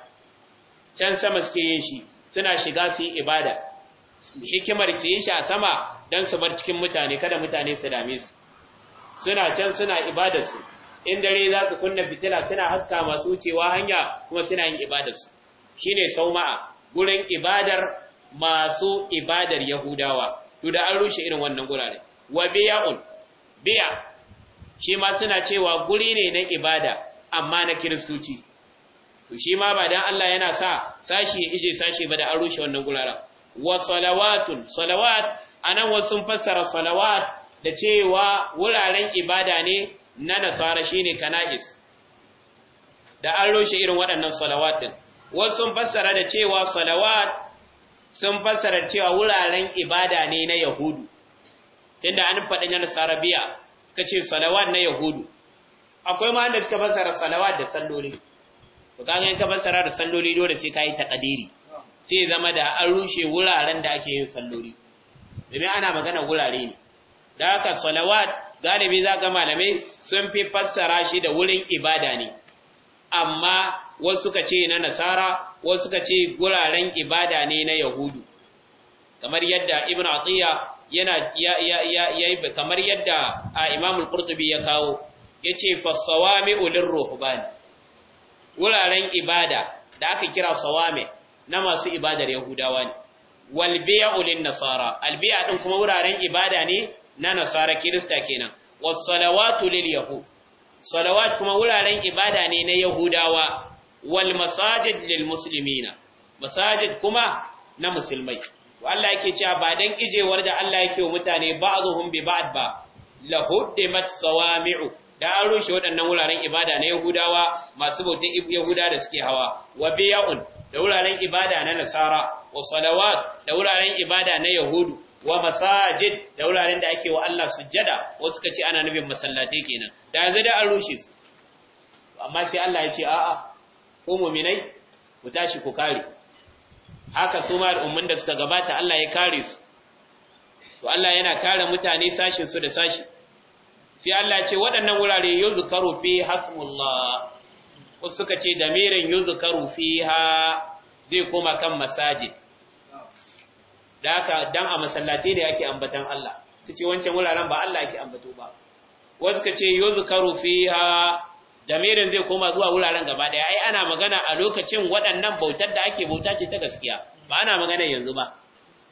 can sama suke yin shi, suna shiga su yi ibada. Hikimar su yi shi a sama don su bar cikin mutane, kada mutane su dame su. Suna can suna su, in dare za su kunna fitila suna haska masu wucewa hanya kuma suna yin su, Shi ne sauma'a, gurin ibadar masu ibadar Yahudawa, to da an rushe irin wannan gurare. Wa biya'un, biya, shi ma suna cewa guri ne na ibada, amma na Kiristoci. To shi ma ba don Allah yana sa sashi ya ije sashi ba da an rushe wannan gurare, Wa salawatun, salawat, a wasu fassara salawat da cewa wuraren ibada ne na nasara ne kana'is. Da an rushe irin waɗannan salawat ɗin. Wasu sun fassara da cewa salawat sun fassara cewa wuraren ibada ne na yahudu tunda an faɗin yana sarabiya suka ce salawat na yahudu akwai ma da suka fassara salawat da salloli to kaga in ka fassara da salloli dole sai ka yi takadiri sai zama da an rushe wuraren da ake yin salloli domin ana magana wurare ne da haka salawat galibi za ga malamai sun fi fassara shi da wurin ibada ne amma wasu ka ce na nasara wasu suka ce guraren ibada ne na yahudu kamar yadda ibn atiya yana ya ya ya kamar yadda a imam al-qurtubi ya kawo yace fa sawami'u lirruhban wuraren ibada da aka kira sawami na masu ibadar yahudawa ne wal bi'u nasara al ɗin kuma wuraren ibada ne na nasara kirista kenan was salawatu lil yahud salawat kuma wuraren ibada ne na yahudawa wal masajid lil muslimina masajid kuma na musulmai Allah yake cewa ba dan kijewar da Allah yake wa mutane ba'dhum bi ba'd ba la huddimat sawami'u da an rushe waɗannan wuraren ibada na Yahudawa masu bauta Yahuda da suke hawa wa biya'un da wuraren ibada na Nasara wa salawat da wuraren ibada na Yahudu wa masajid da wuraren da ake wa Allah sujjada ko suka ce ana nufin masallatai kenan da yanzu da an rushe su amma sai Allah ya ce a'a ko muminai ku tashi ku kare haka su ma al'ummin da suka gabata Allah ya kare su to Allah yana kare mutane sashin su da sashi sai Allah ce waɗannan wurare yuzkaru fi hasmullah wasu suka ce damirin yuzkaru fiha zai koma kan masajid da haka dan a masallati ne ake ambatan Allah kace wancan wuraren ba Allah ake ambato ba wasu kace yuzkaru fiha Damirin zai koma zuwa wuraren gaba daya ai ana magana a lokacin waɗannan bautar da ake bauta ce ta gaskiya ba ana magana yanzu ba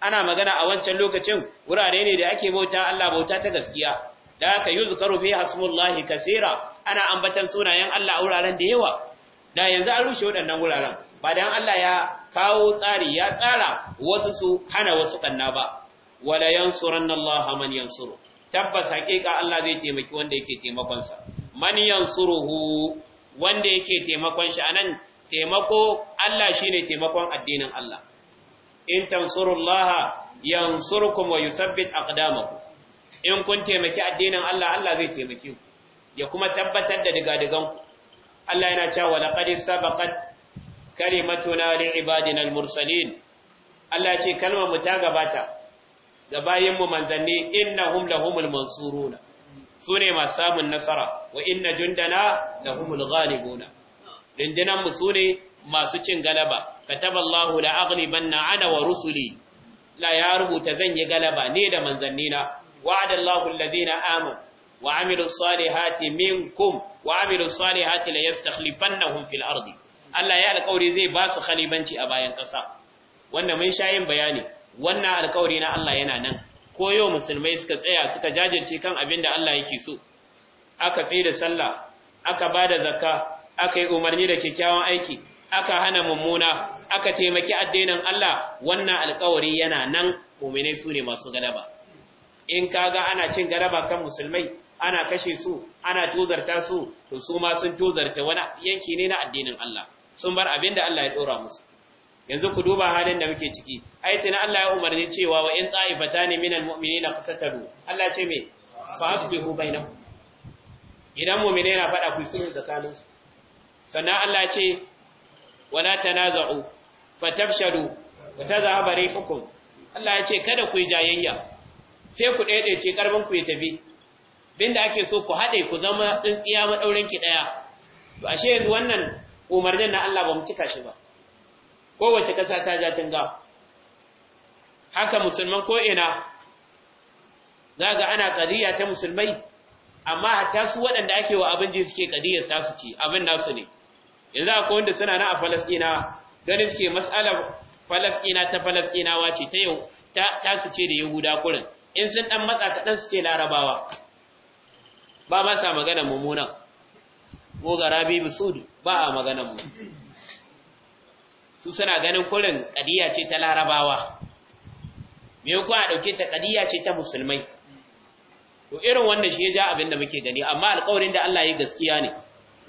ana magana a wancan lokacin wurare ne da ake bauta Allah bauta ta gaskiya da aka yuzkaru fi hasmullahi kaseera ana ambatan sunayen Allah a wuraren da yawa da yanzu an rushe waɗannan wuraren ba dan Allah ya kawo tsari ya tsara wasu su hana wasu kanna ba wala yansurannallaha man yansuru tabbas haƙiƙa Allah zai taimaki wanda yake taimakon sa man yansuruhu wanda yake taimakon shi anan taimako Allah shine taimakon addinin Allah in tansurullaha yansurukum wa yuthabbit aqdamakum in kun taimaki addinin Allah Allah zai taimake ku ya kuma tabbatar da digadigan ku Allah yana cewa laqad sabaqat kalimatuna li ibadina al-mursalin Allah ce kalmar mu ta gabata ga bayin mu manzanni innahum lahumul mansuruna sune masu samun nasara wa inna jundana da ghalibuna dindinan mu sune masu cin galaba kataballahu la aghlibanna ana wa rusuli la ya rubuta zan yi galaba ne da manzannina wa'adallahu alladhina amanu wa amilus salihati minkum wa amilus salihati la yastakhlifannahum fil ardi Allah ya alƙawari zai ba su khalibanci a bayan ƙasa wannan mun sha yin bayani wannan alƙawari na Allah yana nan ko yau musulmai suka tsaya suka jajirce kan abin da Allah yake so aka tsira sallah aka ba da zakka aka yi umarni da kyakkyawan aiki aka hana mummuna aka taimaki addinin Allah wannan alƙawari yana nan mu'mine su ne masu galaba in kaga ana cin galaba kan musulmai ana kashe su ana tozarta su to su ma sun tozarta wani yanki ne na addinin Allah sun bar abin da Allah ya dora musu yanzu ku duba halin da muke ciki ayatin Allah ya umarni cewa wa in ta'ifatani minal mu'minina qatatalu Allah ya ce me fa asbihu bainahum idan mu'mine na fada ku sulhu tsakanin su sannan Allah ya ce wala tanaza'u fatafshadu wa tadhhabu rihukum Allah ya ce kada ku yi jayayya sai ku daidaice karbin ku ya tafi binda ake so ku hade ku zama tsintsiya madaurin ki daya to ashe yanzu wannan umarnin na Allah ba mu cika shi ba kowace ƙasa ta ja tunga haka musulman ko'ina za ga ana ƙadiyya ta musulmai amma ta su waɗanda ake wa abin suke ƙadiyyar tasu ce abin nasu ne yanzu akwai wanda suna na a falasɗina ganin suke matsalar falasɗina ta falasɗinawa ce ta yau ta su ce da yahuda kurin in sun ɗan matsa kaɗan su ce larabawa ba ma sa magana mummunan mu ga rabi bisudu ba a magana mu su suna ganin kurin ƙadiyya ce ta larabawa me kuwa a ɗauke ta ƙadiyya ce ta musulmai to irin wannan shi ya ja abin da muke gani amma alƙawarin da Allah ya gaskiya ne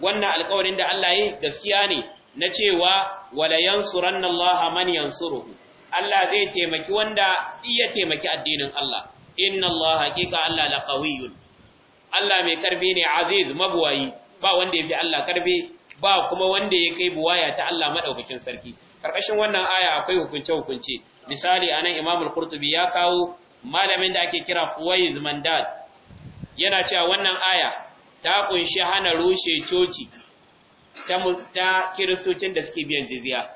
wannan alƙawarin da Allah ya gaskiya ne na cewa wala Allah man ruhu. Allah zai taimaki wanda iya taimaki addinin Allah inna Allah haƙiƙa Allah ƙawiyun, Allah mai karbi ne aziz mabuwayi, ba wanda ya fi Allah karbi ba kuma wanda ya kai buwaya ta Allah madaukakin sarki karkashin wannan aya akwai hukunce hukunce misali anan Imam al-Qurtubi ya kawo malamin da ake kira Fuwayz Mandad yana cewa wannan aya ta kunshi hana rushe coci ta kiristocin da suke biyan jizya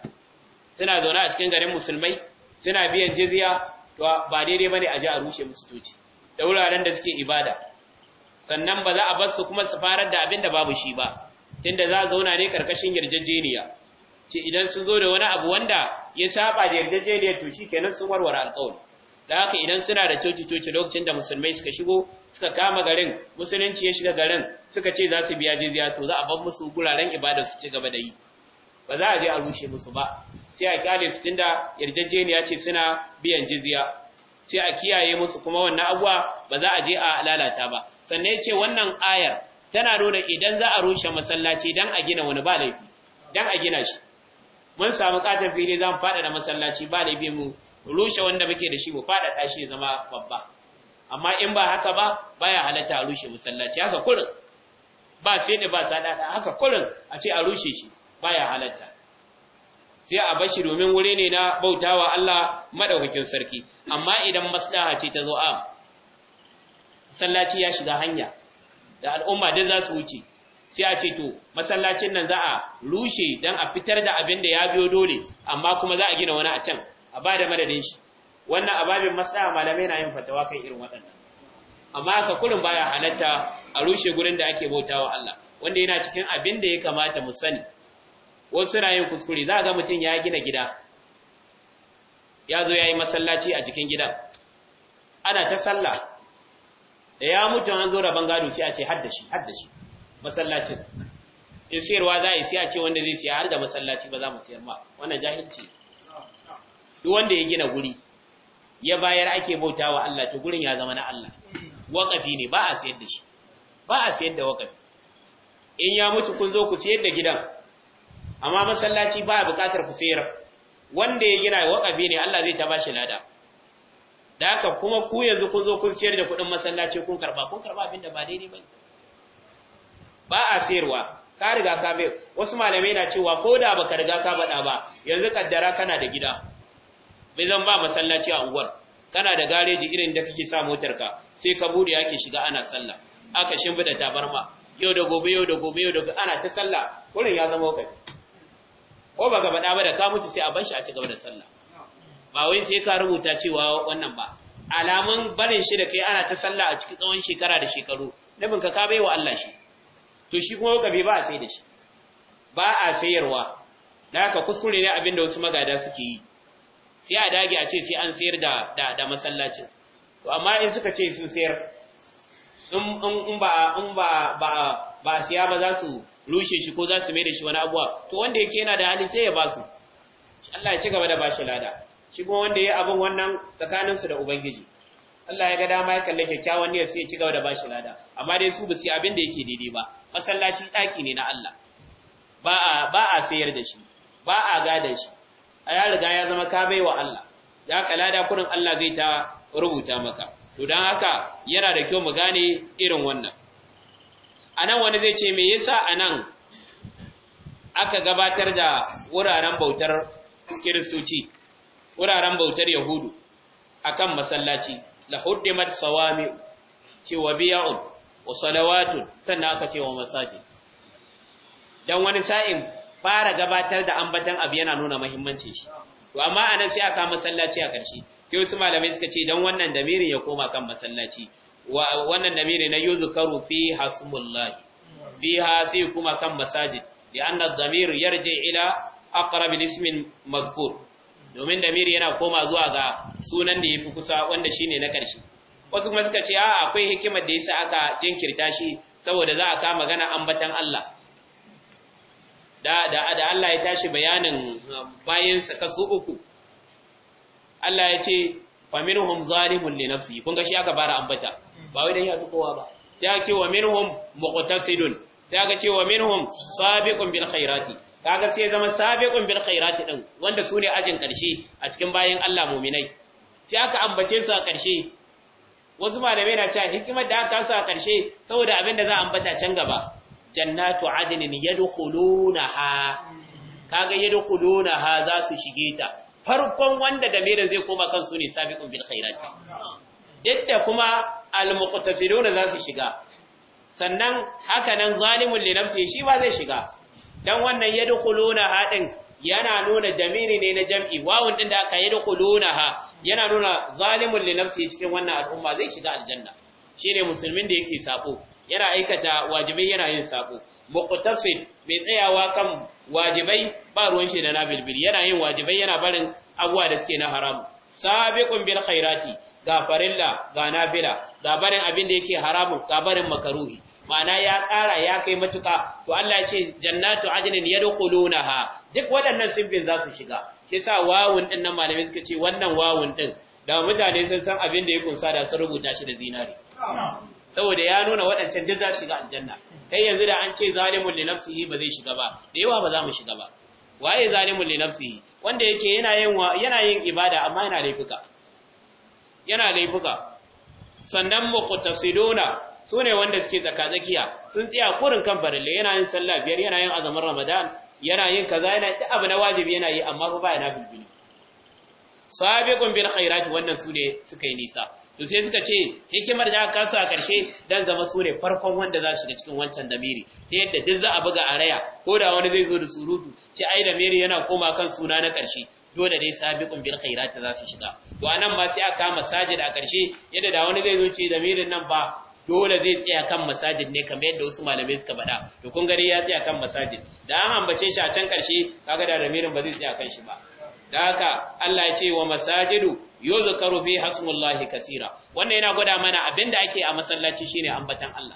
suna zaune a cikin garin musulmai suna biyan jizya to ba daidai bane a ji a rushe musu coci da wuraren da suke ibada sannan ba za a bar su kuma su farar da abin da babu shi ba tunda za zauna ne karkashin yarjejeniya ce idan sun zo da wani abu wanda ya saba da yarjejeniyar to shikenan sun warware alƙawari da haka idan suna da coci coci lokacin da musulmai suka shigo suka kama garin musulunci ya shiga garin suka ce za su biya jiziya to za a bar musu guraren ibada su ci gaba da yi ba za a je a rushe musu ba sai a kyale su tunda yarjejeniya ce suna biyan jizya sai a kiyaye musu kuma wannan abuwa ba za a je a lalata ba sannan ya ce wannan ayar tana nuna idan za a rushe masallaci dan a gina wani ba laifi dan a gina shi mun samu katon fili zan fada da masallaci ba laifi mu rushe wanda muke da shi mu fada tashi zama babba amma in ba haka ba baya halatta a rushe masallaci haka kurin ba fede ba sadaka haka kurin a ce a rushe shi baya halatta sai a bashi domin wuri ne na bautawa Allah madaukakin sarki amma idan maslaha ce ta zo a sallaci ya shiga hanya da al'umma duk za su wuce sai a ce to masallacin nan za a rushe don a fitar da abin da ya biyo dole amma kuma za a gina wani a can a ba da madadin shi wannan ababin matsala malamai na yin fatawa kan irin waɗannan amma haka kurin baya halatta a rushe gurin da ake bautawa Allah wanda yana cikin abin da ya kamata mu sani wasu na yin kuskure za a ga mutum ya gina gida ya zo ya yi masallaci a cikin gidan ana ta sallah da ya mutu an zo rabon gado sai a ce haddashi haddashi masallacin in sayarwa za a yi sai a ce wanda zai siya har da masallaci ba za mu siyar ma wannan jahilci duk wanda ya gina guri ya bayar ake bauta wa Allah to gurin ya zama na Allah waqafi ne ba a siyar da shi ba a siyar da waqafi in ya mutu kun zo ku siyar da gidan amma masallaci ba a buƙatar ku sayar wanda ya gina waqafi ne Allah zai ta bashi lada da haka kuma ku yanzu kun zo kun siyar da kuɗin masallaci kun karba kun karba abinda ba daidai ba ba a sayarwa ka riga ka bai wasu malamai na cewa ko da baka riga ka bada ba yanzu kaddara kana da gida bai zan ba masallaci a unguwar kana da gareji irin da kake sa motar ka sai ka bude yake shiga ana sallah aka shimfida tabarma yau da gobe yau da gobe yau da gobe ana ta sallah Kurin ya zama kai ko baka bada ba da ka mutu sai a bar shi a ci gaba da sallah ba wai sai ka rubuta cewa wannan ba alamun barin shi da kai ana ta sallah a cikin tsawon shekara da shekaru nabin ka ka wa Allah shi to shi kuma kabe ba a sai da shi ba a sayarwa da haka kuskure ne abin da wasu magada suke yi sai a dage a ce sai an sayar da da, da masallacin to amma in suka ce sun sayar in in ba in ba ba ba siya ba za su rushe shi ko za su mai da shi wani abuwa to wanda yake yana da hali sai ya ba su Allah ya ci gaba da bashi lada shi kuma wanda ya abin wannan tsakaninsu da ubangiji Allah ya ga dama ya kalle kyakkyawan niyyar sai ya ci gaba da bashi lada amma dai su ba su abin da yake daidai ba masallaci ɗaki ne na Allah ba a sayar da shi ba a gada shi a ya riga ya zama ka baiwa Allah ya ka lada kurin Allah zai ta rubuta maka to don haka yana da kyau mu gane irin wannan A nan wani zai ce me yasa anan aka gabatar da wuraren bautar kiristoci wuraren bautar yahudu a akan masallaci la huddimat tsawami, ce wa biya'un wa salawatun sannan aka ce wa masajid Don wani sa'in fara gabatar da ambatan abu yana nuna muhimmanci shi to amma anan sai aka masallaci a ƙarshe ke wasu malamai suka ce don wannan damirin ya koma kan masallaci wannan damiri na karu fi hasmullahi fiha sai kuma kan masajid li anna damir ila aqrab al domin damiri yana koma zuwa ga sunan da ya fi kusa wanda shi ne na ƙarshe wasu kuma suka ce a'a akwai hikimar da ya sa aka jinkirta shi saboda za a ka magana ambatan Allah da da Allah ya tashi bayanin uh, bayansa kasu uku Allah ya ce fa zari zalimun ne nafsihi kun ga shi aka bara ambata ba wai don yi fi kowa ba Ta aka ce wa minhum sidon. Ta ga ce wa minhum sabiqun bil khairati kaga sai zama sabiqun bil khairati din wanda sune ajin karshe a cikin bayin Allah mu'minai sai aka ambace su a karshe wasu malamai na cewa hikimar da aka sa a karshe saboda abin da za a ambata can gaba jannatu adnin yadkhulunaha kaga yadkhulunaha za su shige ta farkon wanda da mere zai koma kansu ne sabiqun bil khairati dinda kuma almuqtasiruna za su shiga sannan haka nan zalimun li shi ba zai shiga dan wannan yadkhuluna hadin yana nuna damiri ne na jam'i wawun din da aka yadkhuluna ha yana nuna zalimun li nafsi cikin wannan al'umma zai shiga aljanna shine musulmin da yake sako yana aikata wajibai yana yin sako muqtasid mai tsayawa kan wajibai ba ruwan shi da na bilbil yana yin wajibai yana barin abuwa da suke na haramu sabiqun bil khairati gafarilla ga Na'bila, ga barin abin da yake haramun ga barin makaruhi ma'ana ya ƙara ya kai matuƙa to Allah ya ce jannatu ajnin yadkhulunaha duk waɗannan sifin za su shiga shi yasa wawun din nan malamai suka ce wannan wawun din da mutane sun san abin da ya kunsa da sun rubuta shi da zinari saboda ya nuna waɗancan duk za su shiga aljanna kai yanzu da an ce zalimul li nafsihi ba zai shiga ba da yawa ba za mu shiga ba waye zalimul li nafsihi wanda yake yana yin yana yin ibada amma yana laifuka yana laifuka sannan muqtasiduna su ne wanda suke tsaka tsakiya, sun tsaya kurin kan farille yana yin sallah biyar yana yin azumin ramadan yana yin kaza yana duk abu na wajibi yana yi amma ba yana bilbili bibili sabiqun bil khairat wannan su ne suka yi nisa to sai suka ce hikimar da aka kasu a karshe dan zama su ne farkon wanda za su shiga cikin wancan damiri ta yadda duk za a buga a raya ko da wani zai zo da surutu ce ai damiri yana koma kan suna na karshe dole dai sabiqun bil khairat za su shiga to anan ma sai aka kama sajid a karshe yadda da wani zai zo ce damirin nan ba dole zai tsaya kan masajid ne kamar yadda wasu malamai suka faɗa to kun gari ya tsaya kan masajid da an ambace shi a can karshe kaga da ramirin ba zai tsaya kan shi ba da haka Allah ya ce wa masajidu yuzkaru bi hasmullahi kaseera wannan yana gwada mana abinda ake a masallaci shine ambatan Allah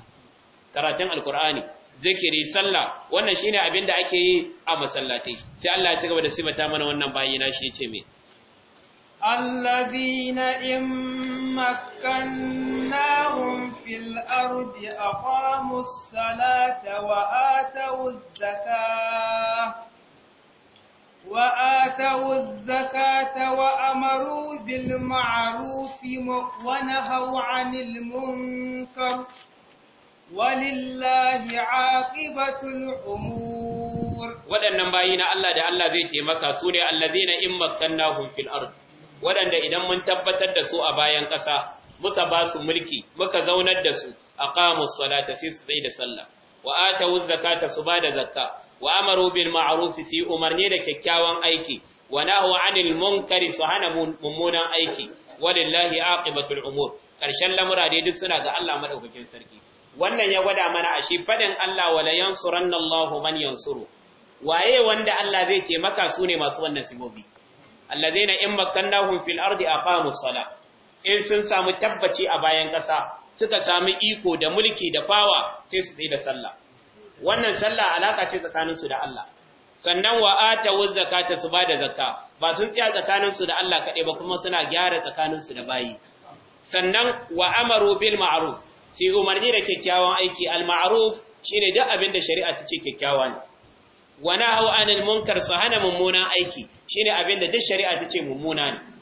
karatun alqur'ani zikiri sallah wannan shine abinda ake yi a masallaci sai Allah ya cigaba da sibata mana wannan na shi ce me الذين إن مكناهم في الأرض أقاموا الصلاة وآتوا الزكاة وآتوا الزكاة وأمروا بالمعروف ونهوا عن المنكر ولله عاقبة الأمور waɗannan bayi na Allah da Allah zai taimaka su ne allazina in makkannahum fil ard waɗanda idan mun tabbatar da su a bayan ƙasa muka ba su mulki muka zaunar da su aqamus salata sai su zai da sallah wa atawuz zakata su ba da zakka wa amaru bil ma'ruf fi umarni da kyakkyawan aiki wa nahu anil munkari su hana mummunan aiki walillahi aqibatul umur karshen lamura dai duk suna ga Allah madaukakin sarki wannan ya gwada mana ashi fadin Allah wala yansurannallahu man yansuru waye wanda Allah zai taimaka sune masu wannan sibobi allazina in makkannahum fil ardi aqamus salat in sun samu tabbaci a bayan ƙasa suka sami iko da mulki da fawa sai su tsaye da sallah wannan sallah alaka ce tsakaninsu da Allah sannan wa atawu zakata su ba da zakka ba sun tsaya tsakaninsu da Allah kaɗai ba kuma suna gyara tsakaninsu da bayi sannan wa amaru bil ma'ruf sai umarni da kyakkyawan aiki al ma'ruf shine duk abin da shari'a ta ce kyakkyawa ne wa nahaw anil munkar su hana mummunan aiki shine abin da duk shari'a ta ce mummunan. ne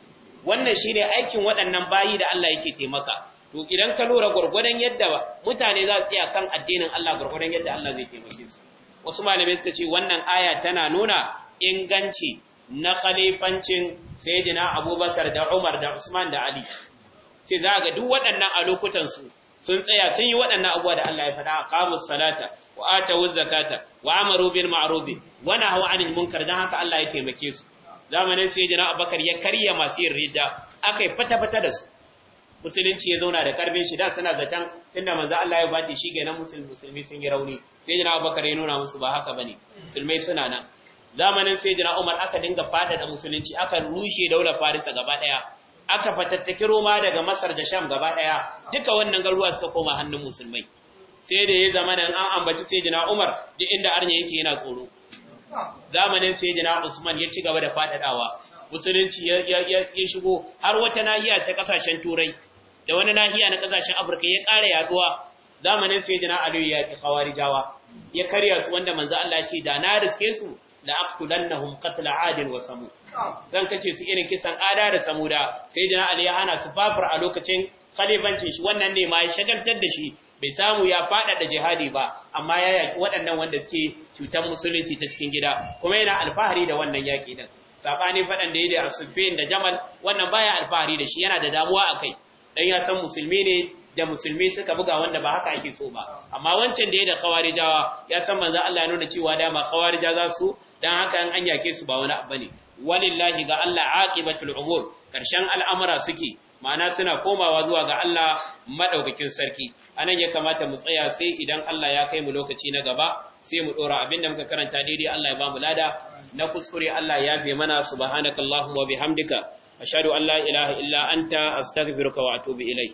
wannan shine aikin waɗannan bayi da Allah yake taimaka to idan ka lura gurgurdan yadda mutane za su tsaya kan addinin Allah gurgurdan yadda Allah zai taimake su wasu malamai suka ce wannan aya tana nuna inganci na khalifancin sayyidina Abubakar da Umar da Usman da Ali sai za ga duk waɗannan a lokutan su sun tsaya sun yi waɗannan abubuwa da Allah ya faɗa qamus salata wa atawuz zakata wa amaru bil ma'ruf wa nahaw anil munkar dan haka Allah ya taimake su zamanin sai jina abakar ya karya masu yin ridda yi fata-fata da su musulunci ya zauna da karfin shi da suna zaton inda manzo Allah ya bati shi kenan musulmi sun yi rauni sai jina abakar ya nuna musu ba haka bane musulmai suna nan zamanin sai jina Umar aka dinga fata da musulunci aka rushe daular Farisa gaba daya aka fatattaki Roma daga Masar da Sham gaba daya duka wannan garuwa su koma hannun musulmai sai da ya zama in an ambaci sai jina Umar duk inda arne yake yana tsoro zamanin sayyidina Usman ya ci gaba da fadadawa musulunci ya shigo har wata nahiya ta kasashen turai da wani nahiya na kasashen Afirka ya ƙara yaduwa zamanin sayyidina Ali ya ki khawarijawa ya karya su wanda manzo Allah ce da na riske su la aqtulannahum qatl adil wa samud dan kace su irin kisan ada da samuda sayyidina Ali ya hana su fafar a lokacin khalifancin shi wannan ne ma ya shagaltar da shi bai samu ya faɗaɗa jihadi ba amma ya yaki waɗannan wanda suke cutar musulunci ta cikin gida kuma yana alfahari da wannan yaki din sabani faɗan da ya da da Jamal wannan baya alfahari da shi yana da damuwa akai dan ya san musulmi ne da musulmi suka buga wanda ba haka ake so ba amma wancan da ya da khawarijawa ya san manzo Allah ya nuna cewa dama khawarija za su dan haka an yake su ba wani abu ne walillahi ga Allah aqibatul umur karshen al'amura suke ma'ana suna komawa zuwa ga Allah maɗaukakin sarki anan ya kamata mu tsaya sai idan Allah ya kai mu lokaci na gaba sai mu ɗora abin da muka karanta daidai Allah ya ba mu lada na kuskure Allah ya bi mana subhanakallahumma wa bihamdika A an Allah ilaha illa anta astaghfiruka wa atubu ilai!"